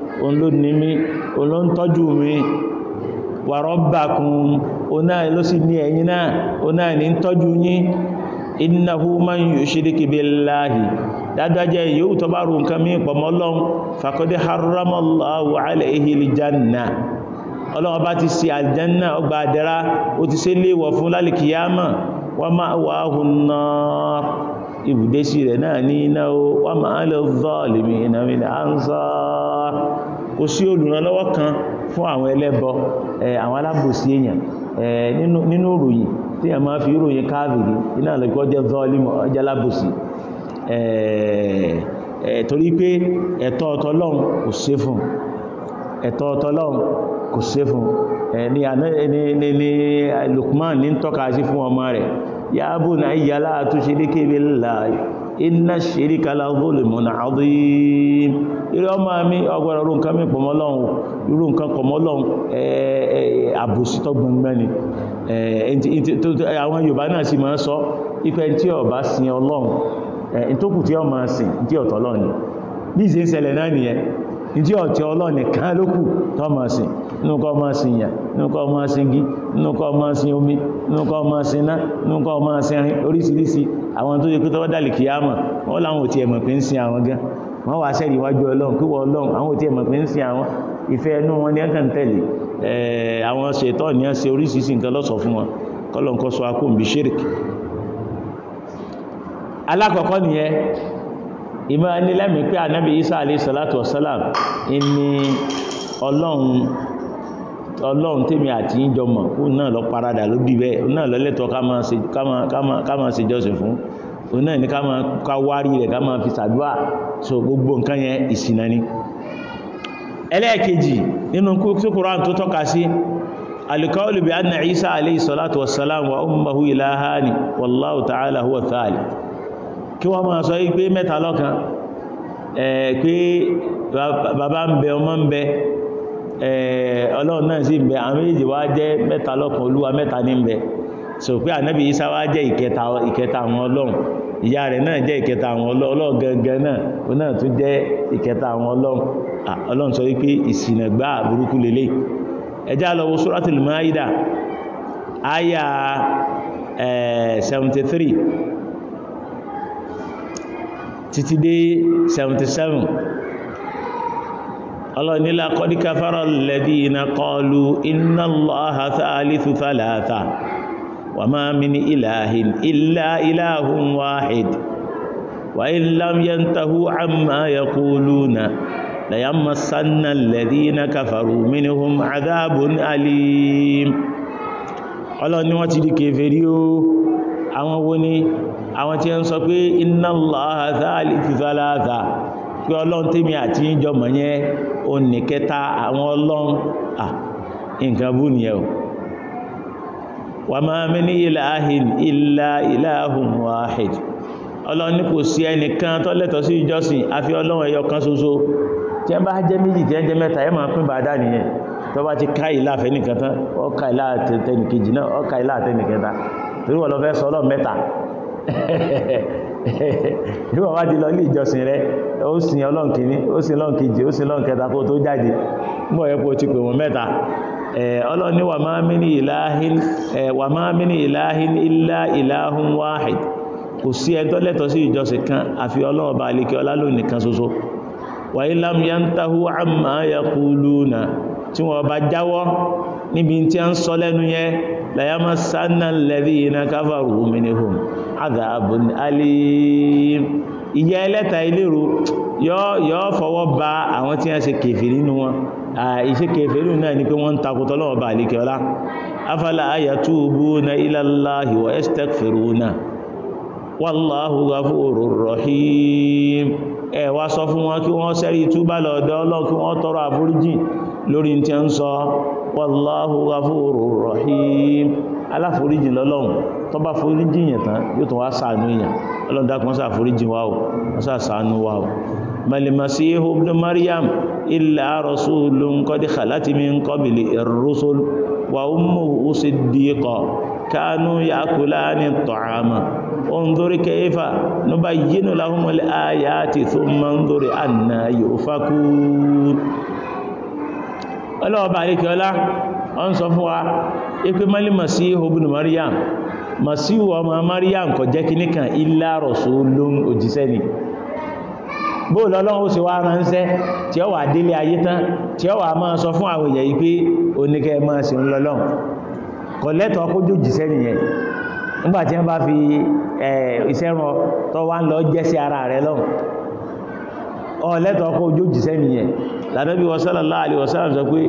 òun ló ní mí òun ló ń tọ́jú mi wa rabbakum òun náà ló sì ní ẹ̀yin náà òun náà ní ń tọ́jú yín innahu man yushrik billahi dájájẹ́ yóò tọ́ bá rú nǹkan mí pọ̀mọ́lọ́m faqad ṣe aljanna ọgbà àdẹ́rá ó ti ṣe léèwọ̀ fún lálìkìyàmà wa ma'wahu an ibùdésí rẹ̀ náà ní iná wa ma lil zalimina min ansar kò sí olùrànlọ́wọ́ kan fún àwọn ẹlẹ́bọ àwọn alábòsí èèyàn nínú ìròyìn tí a máa fi ìròyìn káàkiri iná lẹ́kọ́ jẹ́ zọ́ọ̀límọ̀ ọjọ́ alábòsí torí pé ẹ̀tọ́ ọ̀tọ́lọ́run kò ṣe fún ẹ̀tọ́ ọ̀tọ́lọ́run kò ṣe fún ní Lukman ní tọ́ka sí fún ọmọ rẹ̀ láàá iná ṣerí kala volume adịghị eré ọmọ mi ọgbọ̀rọ̀ orú nǹkan mi pọ̀mọ́lọ́hun irú nǹkan pọ̀mọ́lọ́hun àbòsítọ́ gbọmgbẹ́ni àwọn Yorùbá náà sì máa ń sọ ipẹ́ tí ó bá sin Ọlọ́run tó tí ó máa tí bí ń ṣẹlẹ̀ náà nìyẹn ìdí ọ̀tí ọlọ́ni kan lókù tó máa sìn inú kọ́ máa sìn yà inú kọ́ máa sìn gí inú kọ́ máa sìn omi inú kọ́ máa sìn ná inú kọ́ máa sìn rin oríṣiríṣi àwọn tó yẹ kí tọ́wọ́ dàlì kìí àmọ̀ wọ́n láwọn òtí ẹ̀mọ̀ pé ń sin àwọn gan wọ́n wá sẹ́rì iwájú ọlọ́run kí wọ́n ọlọ́run àwọn òtí ẹ̀mọ̀ pé ń sin àwọn ìfẹ́ ẹnu wọn ní ẹ̀kàn tẹ̀lé àwọn ṣètọ́ ní ẹ̀ṣẹ̀ oríṣiríṣi nǹkan lọ́sọ̀ fún wọn kọ́lọ̀ nǹkan sọ akóǹbì ṣírìkì alákọ̀ọ́kọ́ nìyẹn ìmọ̀ ní lẹ́mìí pé ànábì Isa alayhi salatu wassalam ní ọlọ́run tèmi àti ìjọ mọ̀ kó náà lọ paradà ló bí bẹ́ẹ̀ náà lọ́lẹ́tọ̀ ká máa ṣe jọ́sìn fún òun náà ní ká máa káwárí rẹ̀ ká máa fi sàdúà so gbogbo nǹkan yẹn ìsìnà ni ẹlẹ́ẹ̀kejì nínú kúrán tó tọ́ka sí alìkọ́ọ̀lù bí anna Isa alayhi salatu wassalam wa ummuhu ilahani wallahu ta'ala huwa thalith kí wọ́n máa sọ pé mẹ́ta lọ́kan pé bàbá ń bẹ ọmọ ń bẹ ọlọ́run náà sì ń bẹ àwọn méjì wá jẹ́ mẹ́ta lọ́kan olúwa mẹ́ta ní ń bẹ so pé ànábì Ìsá wá jẹ́ ìkẹta àwọn ọlọ́run ìyá rẹ̀ náà jẹ́ ìkẹta àwọn ọlọ́run gangan náà ó náà tún jẹ́ ìkẹta àwọn ọlọ́run ọlọ́run sọ wípé ìsìnàgbà burúkú lélẹ̀ ẹjá lọ wo Suratul Maida aya 73 títí dé 77 ọlọ́nilá kọ́díkà fara lẹ́dí iná kọlu iná lọ́ha thalithu thalatha wà máa min ilahin illa ilahun wahid wà illam yantahu amma yaquluna layamassanna alladhina kafaru minhum adhabun alim ọlọ́ni wọ́n ti di kèfèrí àwọn wo ni àwọn tí ń sọ pé inna Allaha thalithu thalatha pé ọlọ́run tèmi àti ìjọmọ̀ yẹn o ní kẹta àwọn ọlọ́run à nǹkan bú nìyẹn o wa ma min ilahin illa ilahun wahid ọlọ́run ní kò sí ẹnìkan tó lẹ́tọ̀ọ́ sí ìjọsìn àfi ọlọ́run ẹyọ kan ṣoṣo tí ẹ bá jẹ́ méjì tí ẹ jẹ́ mẹ́ta ẹ máa pín bàdá ti ká ìlà fẹ́nìkan tán ìlà tẹnìkejì náà ó ìlà tẹnìkẹta torí wọ́n lọ fẹ́ sọ ọlọ́run mẹ́ta bí wọ́n bá ti lọ ilé ìjọsìn rẹ ó sin ọlọ́run kìíní ó sin ọlọ́run kejì ó sin ọlọ́run kẹta kó tó jáde mọ̀ ẹ́ kó o ti pè wọ́n mẹ́ta ọlọ́run ní wàmá mini ìláhìn wàmá mini ìláhìn ilá ìláhùn wáhid kò sí ẹjọ́ lẹ́tọ̀ sí ìjọsìn kan àfi ọlọ́run bá alékẹ́ ọlá lónìí kan ṣoṣo wàyí lámúyántàhù àmà yaquluna tí wọ́n bá jáwọ́ níbi tí a ń sọ lẹ́nu yẹn láyámá sánà lẹ́rí iná káfàrù minihum adhabun alim ìyà ẹlẹ́ta ilérò yọ́ fọwọ́ ba àwọn tí a ṣe kèfèrí nínú wọn ìṣe kèfèrí náà ni pé wọ́n ń takùtọ́ lọ́wọ́ bá àlíkẹ́ ọlá afala yatubuna ila Allahi wa yastaghfiruna wallahu ghafurur rahim ẹ wá sọ fún wọn kí wọ́n sẹ́rí túbà lọ́dọ̀ Ọlọ́run kí wọ́n tọrọ àforíjì lórí tí ń sọ wallahu ghafurur rahim aláforíjì lọ́lọ́run tó bá foríjì yẹn tán yóò tó wá ṣàánú èèyàn Ọlọ́run kánú yàkùlá ní tọ̀àmà oúnjẹ́ kẹfà ló bá yínú láhúnmọ́lẹ̀ ayá ti tó mọ́ ń dórí àná yóò fákú ọlọ́ọ̀bá alékẹ́ọlá ọ ń sọ fún wa ipé mọ́lí masí ibn maryam masí ọmọ maryam kò jẹ́ kí níkan ilá rasulun òjíṣẹ́ ni bóòlù ọlọ́run ó sì wá ránṣẹ́ tí ó wà délé ayé tán tí ó wà máa sọ fún àwọn èèyàn yìí pé oníkẹ́ máa sì ń lọ́lọ́run kọ̀lẹ́tọ̀ kójú jìṣẹ́ nìyẹn nígbàtí wọ́n bá fi iṣẹ́ rán tó wá ń lọ jẹ́ sí ara rẹ̀ lọ́hùn ọ̀lẹ́tọ̀ kójú jìṣẹ́ nìyẹn lànàbí sallallahu alaihi wasallam sọ pé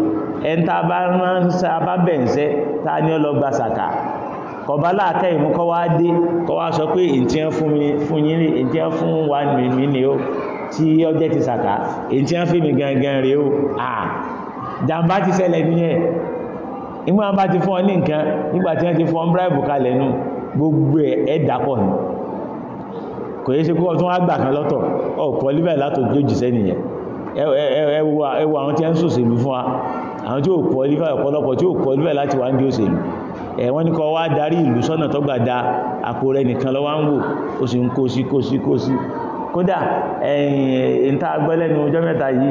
ẹn tá a bá ránṣẹ́ abábẹ̀ǹṣẹ́ tá a ní ọlọ́gba sàkà kọba láàkẹ́ ìmú kọ́ wá dé kọ́ wá sọ pé ìntí ẹ́ fún mi fún yín rí ìntí ẹ́ fún wa mi ni ó tí ọjẹ́ ti sàkà ìntí ẹ́ fún mi gangan rí ó à jàǹbá ti ṣẹlẹ̀ nìyẹn nígbà wọn bá ti fún ọ ní nǹkan nígbà tí wọ́n ti fún ọ bíráìbù kalẹ̀ nù gbogbo ẹ̀ ẹ̀dà pọ̀ ni kò yẹ ṣe kó ọtún wá gbà kan lọ́tọ̀ ọ̀pọ̀ líbẹ̀ látòjú òjìṣẹ́ nìyẹn ẹwọ àwọn tí ń sòṣèlú fún wa àwọn tí ó kọ́ lífẹ́ ọ̀pọ̀lọpọ̀ tí ó kọ́ lífẹ́ láti wá ń bí òṣèlú ẹ̀wọ́n ní kọ́ wá darí ìlú sọ́nà tó gbàdá àpò rẹ̀ nìkan lọ wá ń wò ó sì ń kó sí kó sí kó sí kódà ẹ̀yìn ìta agbẹ́lẹ́nu ọjọ́ mẹ́ta yìí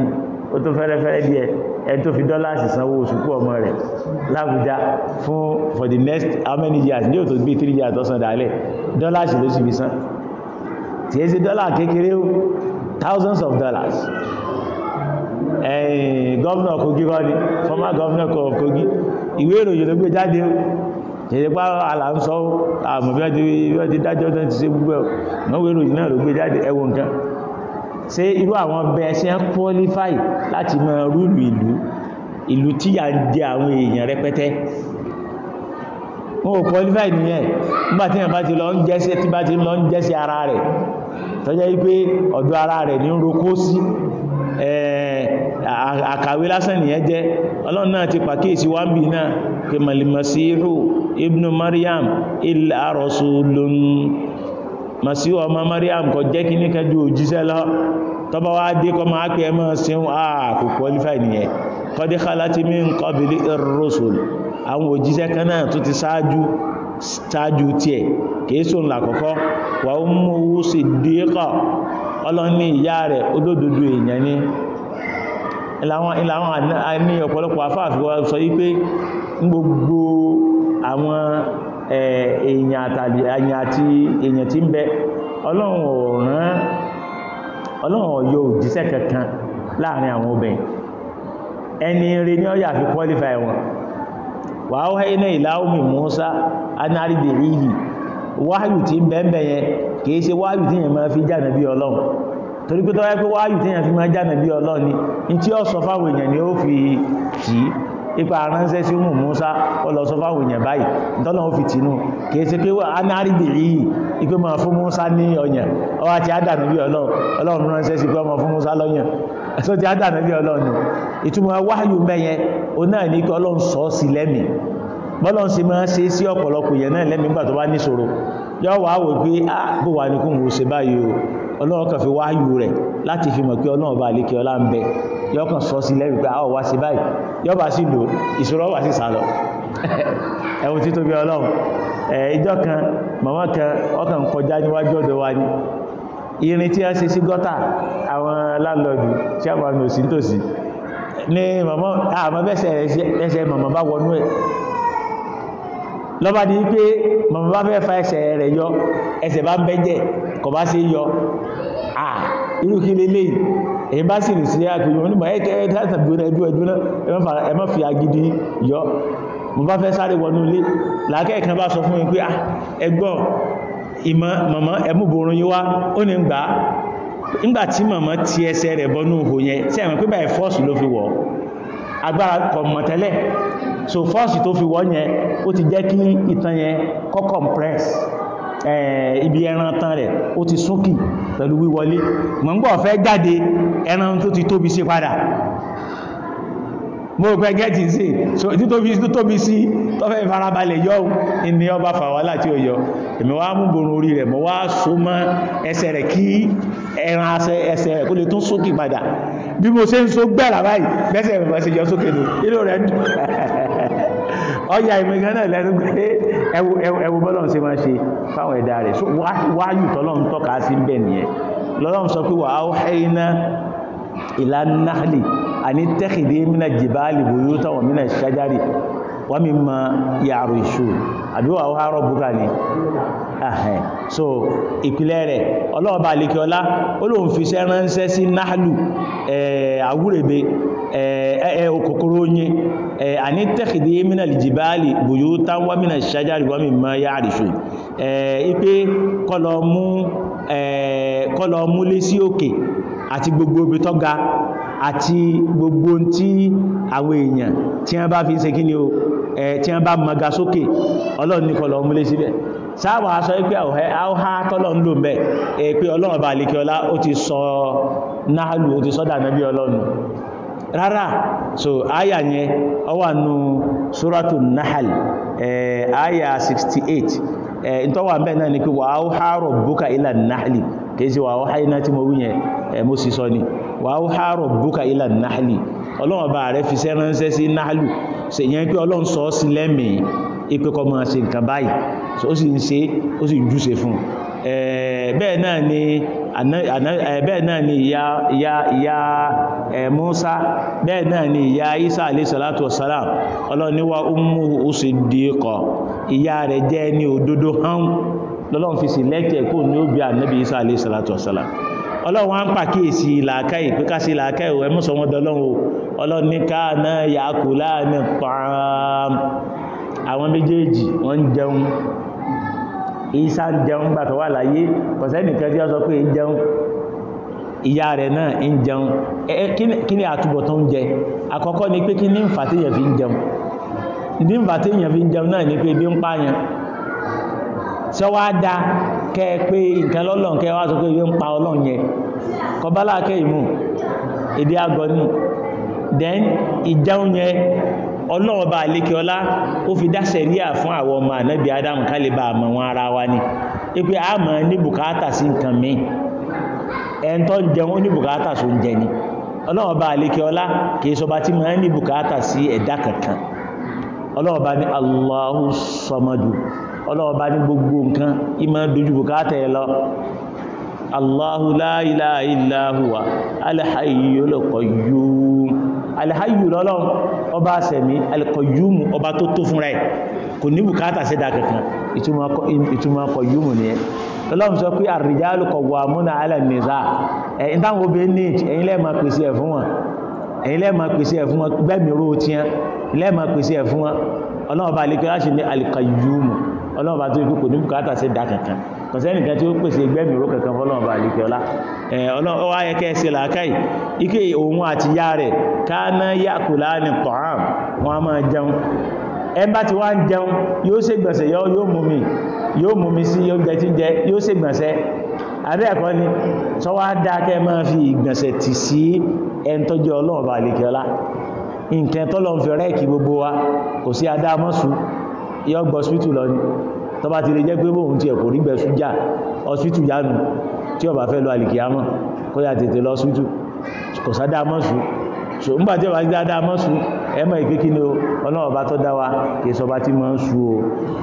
ó tó fẹ́rẹ́fẹ́rẹ́ bí ẹ ẹ tó fi dọ́làsì sanwó oṣù ọmọ rẹ̀ lábújá fún for the next how many years ní òtò bí 3 years tọ́sán dálẹ̀ dọ́làsì ló sì fi san tí é sí dọ́là kékeré ó thousands of dollars ẹ̀yìn gọ́vnà Kogi kọ́ ni former governor of Kogi ìwé ìròyìn ló gbé jáde ó kìí pa àlà ń sọ àmọ̀bí ọdí dájọ́ tó ti ṣe gbogbo ẹ̀ wọ́n wé ìròyìn náà ló gbé jáde ẹwọ nǹkan ṣé irú àwọn bẹ́ẹ̀ ṣe ń qualify láti máa rúlù ìlú ìlú tí yà ń jẹ àwọn èèyàn rẹpẹtẹ wọn ò qualify nìyẹn nígbà tí yàn bá ti lọ ń jẹ́sẹ̀ tí bá ti lọ ń jẹ́sẹ̀ ara rẹ̀ tọ́jẹ́ wípé ọ̀dọ̀ ara rẹ̀ ní roko sí àkàwé lásán nìyẹn jẹ́ ọlọ́run náà ti pàkíyèsí wá ń bì náà pé màlìmọ̀síhù ibnu Maryam illa rasulun masiu ọmọ Mariam kọ jẹ́ kí nìkan ju òjíṣẹ́ lọ tọ́ba wá dé kọ́ máa pẹ́ mọ́ sínú ààkù qualify nìyẹn kọ́dé khalati min qabli ar-rusul àwọn òjíṣẹ́ kan náà tó ti ṣáájú ṣáájú tiẹ̀ kìí sùn làkọ́kọ́ wa ummuhu siddiqa ọlọ́ni ìyá rẹ̀ olódodo èèyàn ni ìlàwọn àní ọ̀pọ̀lọpọ̀ afáàfíwá sọ yí pé gbogbo àwọn èèyàn àti tí ń bẹ ọlọ́run ò ọlọ́run kankan láàrin àwọn obìnrin ẹni rí ní ọ̀yà fi qualify ẹ̀wọ̀n wàá wá iná ìlà omi Musa ríhì wáyù tí ń bẹ́ẹ̀ yẹn kìí fi bí ọlọ́run torí pé tọ́wọ́ pé wáyù tí yẹn fi máa ni tí ó sọ fi tì ipa aránṣẹ́ sí mú Musa ọlọ sọ fáwọn èèyàn báyìí tọ́lọ̀ fi tìnú kìí ṣe pé anárìbì yìí ipé mọ̀ fún Musa ní ọyàn ọwá ti ádànù bí Ọlọ́run ránṣẹ́ sí pé ọmọ fún Musa lọ́yàn ẹ̀sọ́ ti ádànù bí Ọlọ́run ìtumọ̀ wáyù mẹ́yẹn o náà ní kí Ọlọ́run sọ sí lẹ́mì bọ́lọ́n sì máa ṣe sí ọ̀pọ̀lọpọ̀ yẹn náà lẹ́mì ọlọ́run kan fi wáyù rẹ̀ láti fi mọ̀ pé ọlọ́run bá lè kí ọlá ń bẹ yọ́ kàn sọ sí lẹ́rìí pé a ò wá sí báyìí yọ́ bá sí lò ìṣòro wà sí sálọ ẹ̀wù tí tóbi ọlọ́run ìjọ kan màmá kan ọkàn kọjá níwájú ọ̀dọ̀ wa ni lọ́ba di pé màmá bá fẹ́ fa ẹsẹ̀ rẹ̀ yọ ẹsẹ̀ bá ń bẹ́jẹ̀ kò bá sí yọ à irú kí leléyìí èyí bá sì rìn sí àpèjọ onímọ̀ ẹ̀kẹ́ ẹ̀dúnà ẹ̀dúnà ẹ̀dúnà ẹ má fi agidi yọ mo bá fẹ́ sáré wọnú ilé làákẹ́ẹ̀kan bá sọ fún mi pé à ẹgbọ́n ìmọ̀ màmá ẹmúborun yíwá ó ní gbà nígbà tí màmá ti ẹsẹ̀ rẹ̀ bọ́nú ihò yẹn sẹ́yìn pé báyìí fọ́ọ̀sì ló fi wọ̀ agbára kọ̀ mọ̀tẹ́lẹ̀ so fọ́ọ̀sì tó fi wọ́n yẹn ó ti jẹ́ kí ìtàn yẹn kọ́ compress ibi ẹran tán rẹ̀ ó ti súnkì pẹ̀lú wíwọlé mọ̀ ń gbọ́ fẹ́ jáde ẹran tó ti tóbi sí padà mo fẹ́ gẹ́tì sí so títóbi títóbi sí tọ́fẹ́ farabalẹ̀ yọ ní ọba fàwálà tí ó yọ èmi wá mú borun orí rẹ̀ mọ́ wá so mọ́ ẹsẹ̀ rẹ̀ kí ẹran ẹsẹ̀ rẹ̀ kó lè tún súnkì padà bí mo ṣe ń so gbẹ̀rà báyìí bẹ́sẹ̀ bẹ̀rẹ̀ sí jọ sókè lò inú rẹ̀ dùn ọya ìmọ̀gán náà lẹ́nu pé ẹwu bọ́lọ̀ ṣe máa ṣe fáwọn ẹ̀dá rẹ̀ so wáyù tọ́lọ́run tọ́ka sí bẹ̀ nìyẹn lọ́lọ́run sọ pé wàá ọ̀hẹ́yìnà ìlànà àní tẹ́kìdé mìíràn jìbáàlì bòyótọ̀ wọn mìíràn ṣájárì wa mimma ya'rishun àbíwà wá rọ̀bùkà ni ahẹ́ so ìpìlẹ̀ rẹ̀ ọlọ́ọ̀bá alékiọlá olóhun fi iṣẹ́ ránṣẹ́ sí náàlù àwúrèbe okòkòrò oyin àní tẹ́kìdí mínà lìjìbáàlì bòyó táwọn mínà ṣájárì wa mimma ya'rishun ipé kọlọ múlé sí òkè àti gbogbo ibi tó ga àti gbogbo tí àwọn èèyàn tí wọ́n bá fi ń ṣe kí ni o tí wọ́n bá mọ́ga sókè ọlọ́run ní kọlọ̀ múlé síbẹ̀ sáàwà sọ pé àwọ̀há tọ́lọ̀ ń lò mẹ́ pé ọlọ́run bá lè ó ti sọ náàlù ó ti bí ọlọ́run rárá so àyà yẹn ọwà nù nahal àyà 68 ìtọ́wà bẹ́ẹ̀ náà ni pé wà áwọ̀há ila nahli kèsì wà tí mo mo sì sọ ni wà ó hárọ̀ ilà náhàlì ọlọ́run ọba rẹ̀ fi sẹ́ sí náhàlù ṣe yẹn pé ọlọ́run sọ sí lẹ́mìí ipe máa ṣe nǹkan báyìí ó sì ń ṣe ó sì ń júṣe fún bẹ́ẹ̀ náà ni bẹ́ẹ̀ náà ni ìyá bẹ́ẹ̀ náà ni ìyá Isa alayhi salatu wassalam ọlọ́run ní wa ummuhu usiddiqa ìyá rẹ̀ jẹ́ ní òdodo hàn lọ́lọ́run fi sì lẹ́tẹ̀ẹ́ ní Isa alayhi salatu salam. ọlọ́run wá ń pàkíyèsí làákàyè pé ká sí làákàyè ẹ mọ́sọ̀ wọn dọ́lọ́run o ọlọ́run ní ká náà yà á kú láàrin pààm àwọn méjèèjì wọ́n ń jẹun ìsá ń jẹun gbà tó wà láyé kọ̀sẹ́ nìkan tí wọ́n sọ pé ń jẹun ìyá rẹ̀ náà ń jẹun kí ni àtúbọ̀ tó ń jẹ àkọ́kọ́ ni pé kí ní ń fà téèyàn fi ń jẹun ní ń fà téèyàn fi ń jẹun náà ni pé bí ń pààyàn tí wá dá kẹ́ pé nǹkan lọ́lọ́n kẹ́ wá sọ pé yóò ń pa ọlọ́n yẹn kọbálà kẹ́ ìmú èdè agọ́ni then ìjáun yẹn ọlọ́run bá lékè fún àwọn ọmọ adam ká bá àmọ́ wọn ara wa ni pé a mọ̀ ní bùkátà sí nǹkan míì ẹ̀ńtọ́ jẹun ó ní bùkátà ni ọlọ́run bá lékè ọlá kìí mọ̀ ní bùkátà kankan ọlọ́run bá ní ọlọ́wọ́ bá ní gbogbo nǹkan ìmọ̀ dojú bùkátà ẹ lọ Allahu la ilaha illa huwa al-hayyul qayyum al-hayyu lọ́lọ́run ọba sẹ̀mí al-qayyum ọba tó tó fúnra ẹ̀ kò ní bùkátà sí dákankan ìtumọ̀ qayyum nìyẹn lọ́lọ́run sọ pé ar-rijalu qawwamuna 'ala an-nisaa ẹ̀yìn táwọn obìnrin ní ẹ̀yìn ọlọ́run bá tó ikú kò ní bùkátà sí ìdá kankan kò sẹ́nìkan tí ó pèsè gbẹ́mì ìró kankan fọ́lọ́run bá àlekè ọlá ọlọ́run wá yẹ kẹ́ẹ̀ sí làákàyè ike òun àti ìyá rẹ̀ káná yàkùlá ní tọ̀hán wọn a máa jẹun ẹmbá tí wá ń jẹun yóò ṣe gbọ̀nsẹ̀ yóò mú mi yóò mú mi sí oúnjẹ tí ń jẹ yóò ṣe gbọ̀nsẹ̀ àbẹ́ ẹ̀kọ́ ni sọ́wọ́ dákẹ́ máa fi ìgbọ̀nsẹ̀ tì sí ẹni tó jẹ́ ọlọ́run bá àlekè ọlá nǹkan tọ́lọ́run fi rẹ́ẹ̀kì gbogbo wa kò sí adámọ́sùn yọ́ gbọ́ ọ̀sìpítù lọ ni tó bá ti lè jẹ́ pé bóhun ti ẹ̀kọ́ rígbẹ̀ sújà ọ̀sìpítù yánu tí ó bá fẹ́ lọ àlìkìyàmọ̀ kó yà tètè lọ ọ̀sìpítù kò sá dáa mọ́sù so ń bàjẹ́ wájú dáadáa mọ́sù ẹmọ ìkékí ni ọlọ́run bá tọ́ dá wa kèsọba tí ma ń su o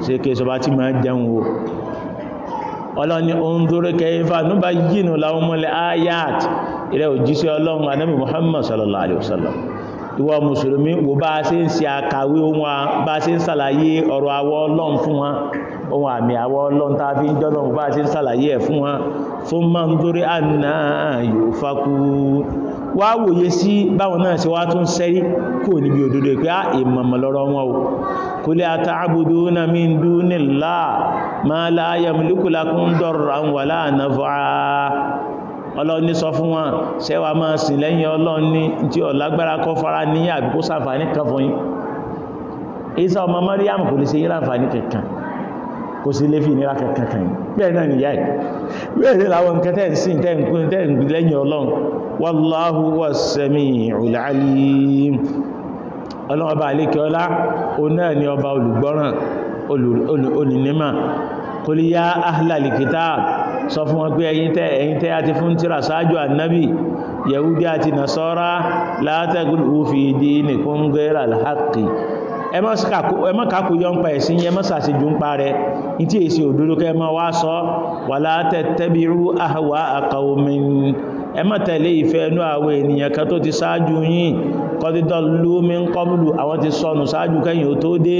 ṣe kèsọba tí ma ń jẹun o ọlọ́ni oun dúró kẹfà núbà yìí nù láwọn mọ́lẹ̀ ayat ilẹ̀ òjíṣẹ́ ọlọ́run anábì Muhammad sallallahu alaihi wasallam ìwọ mùsùlùmí wo bá ṣe ń ṣe àkàwé ohun bá ṣe ń ṣàlàyé ọ̀rọ̀ àwọ ọlọ́run fún wọn ohun àmì àwọ ọlọ́run tá fi ń jọ́nà bá ṣe ń ṣàlàyé ẹ̀ fún wọn fún máa ń dórí àná yóò fakú wá wòye sí báwọn náà ṣe wá tún sẹ́rí kò níbi òdodo pé ìmọ̀mọ̀ lọ́rọ̀ wọn o kò lè àtàbùdó náà mi ń dún nílá máa láyé mùlùkùlákún dọ̀rọ̀ àwọn wà ọlọ́run ní sọ fún wọn ṣẹ́wàá máa sìn lẹ́yìn ọlọ́run ní tí ó lágbára kọ́ fara ní àbí kó sàǹfààní kan fún yín Ìsá ọmọ Maryam kò lè ṣe yín láǹfààní kankan kò sí lè fi ìnira kankan kan yín bẹ́ẹ̀ náà kúlí yá ahlàlì kìtàb sọ fún wọn pé ẹ̀yin tẹ́ ẹ̀yin tẹ́ àti fún tíra sáájú ànábì yahudi àti nasọ́ra látẹ́gùn òfin ìdí nìkún gẹ́rà alhaqi ẹmọ́ kàkù yọ ń pa ẹ̀sìn yẹ mọ́ sàṣejù ń pa rẹ̀ ní tí èsì ẹ má tẹ̀lé ìfẹ́ inú àwọn ènìyàn kan tó ti ṣáájú yín kọ́dídọ́ lómi ń kọ́bùlù àwọn ti sọnù ṣáájú kẹ́yìn ò tó dé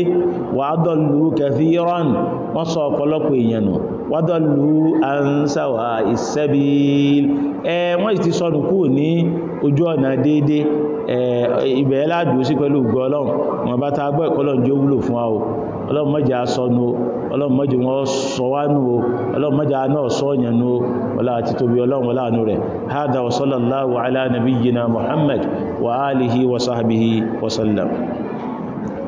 wàádọ́ lù kẹfí rán wọ́n sọ ọ̀pọ̀lọpọ̀ èèyàn nù wàádọ́ lù ansáwà ìsẹ́bí ẹ wọ́n ti sọnù kúrò ní ojú ọ̀nà déédéé ibẹ̀ ládùú sí pẹ̀lú ògo wọn bá ta gbọ́ ìkọlọ́njó wúlò fún wa ọlọ́run mọ́jà sọnù ọlọ́run mọ́jà wọn sọ wá nù o ọlọ́run mọ́jà náà sọ ọ̀yàn nù ọlá àti tóbi ọlọ́run láàánú rẹ̀ hádà wa ala nabiyyina muhammad wa alihi wa sahbihi wa sallam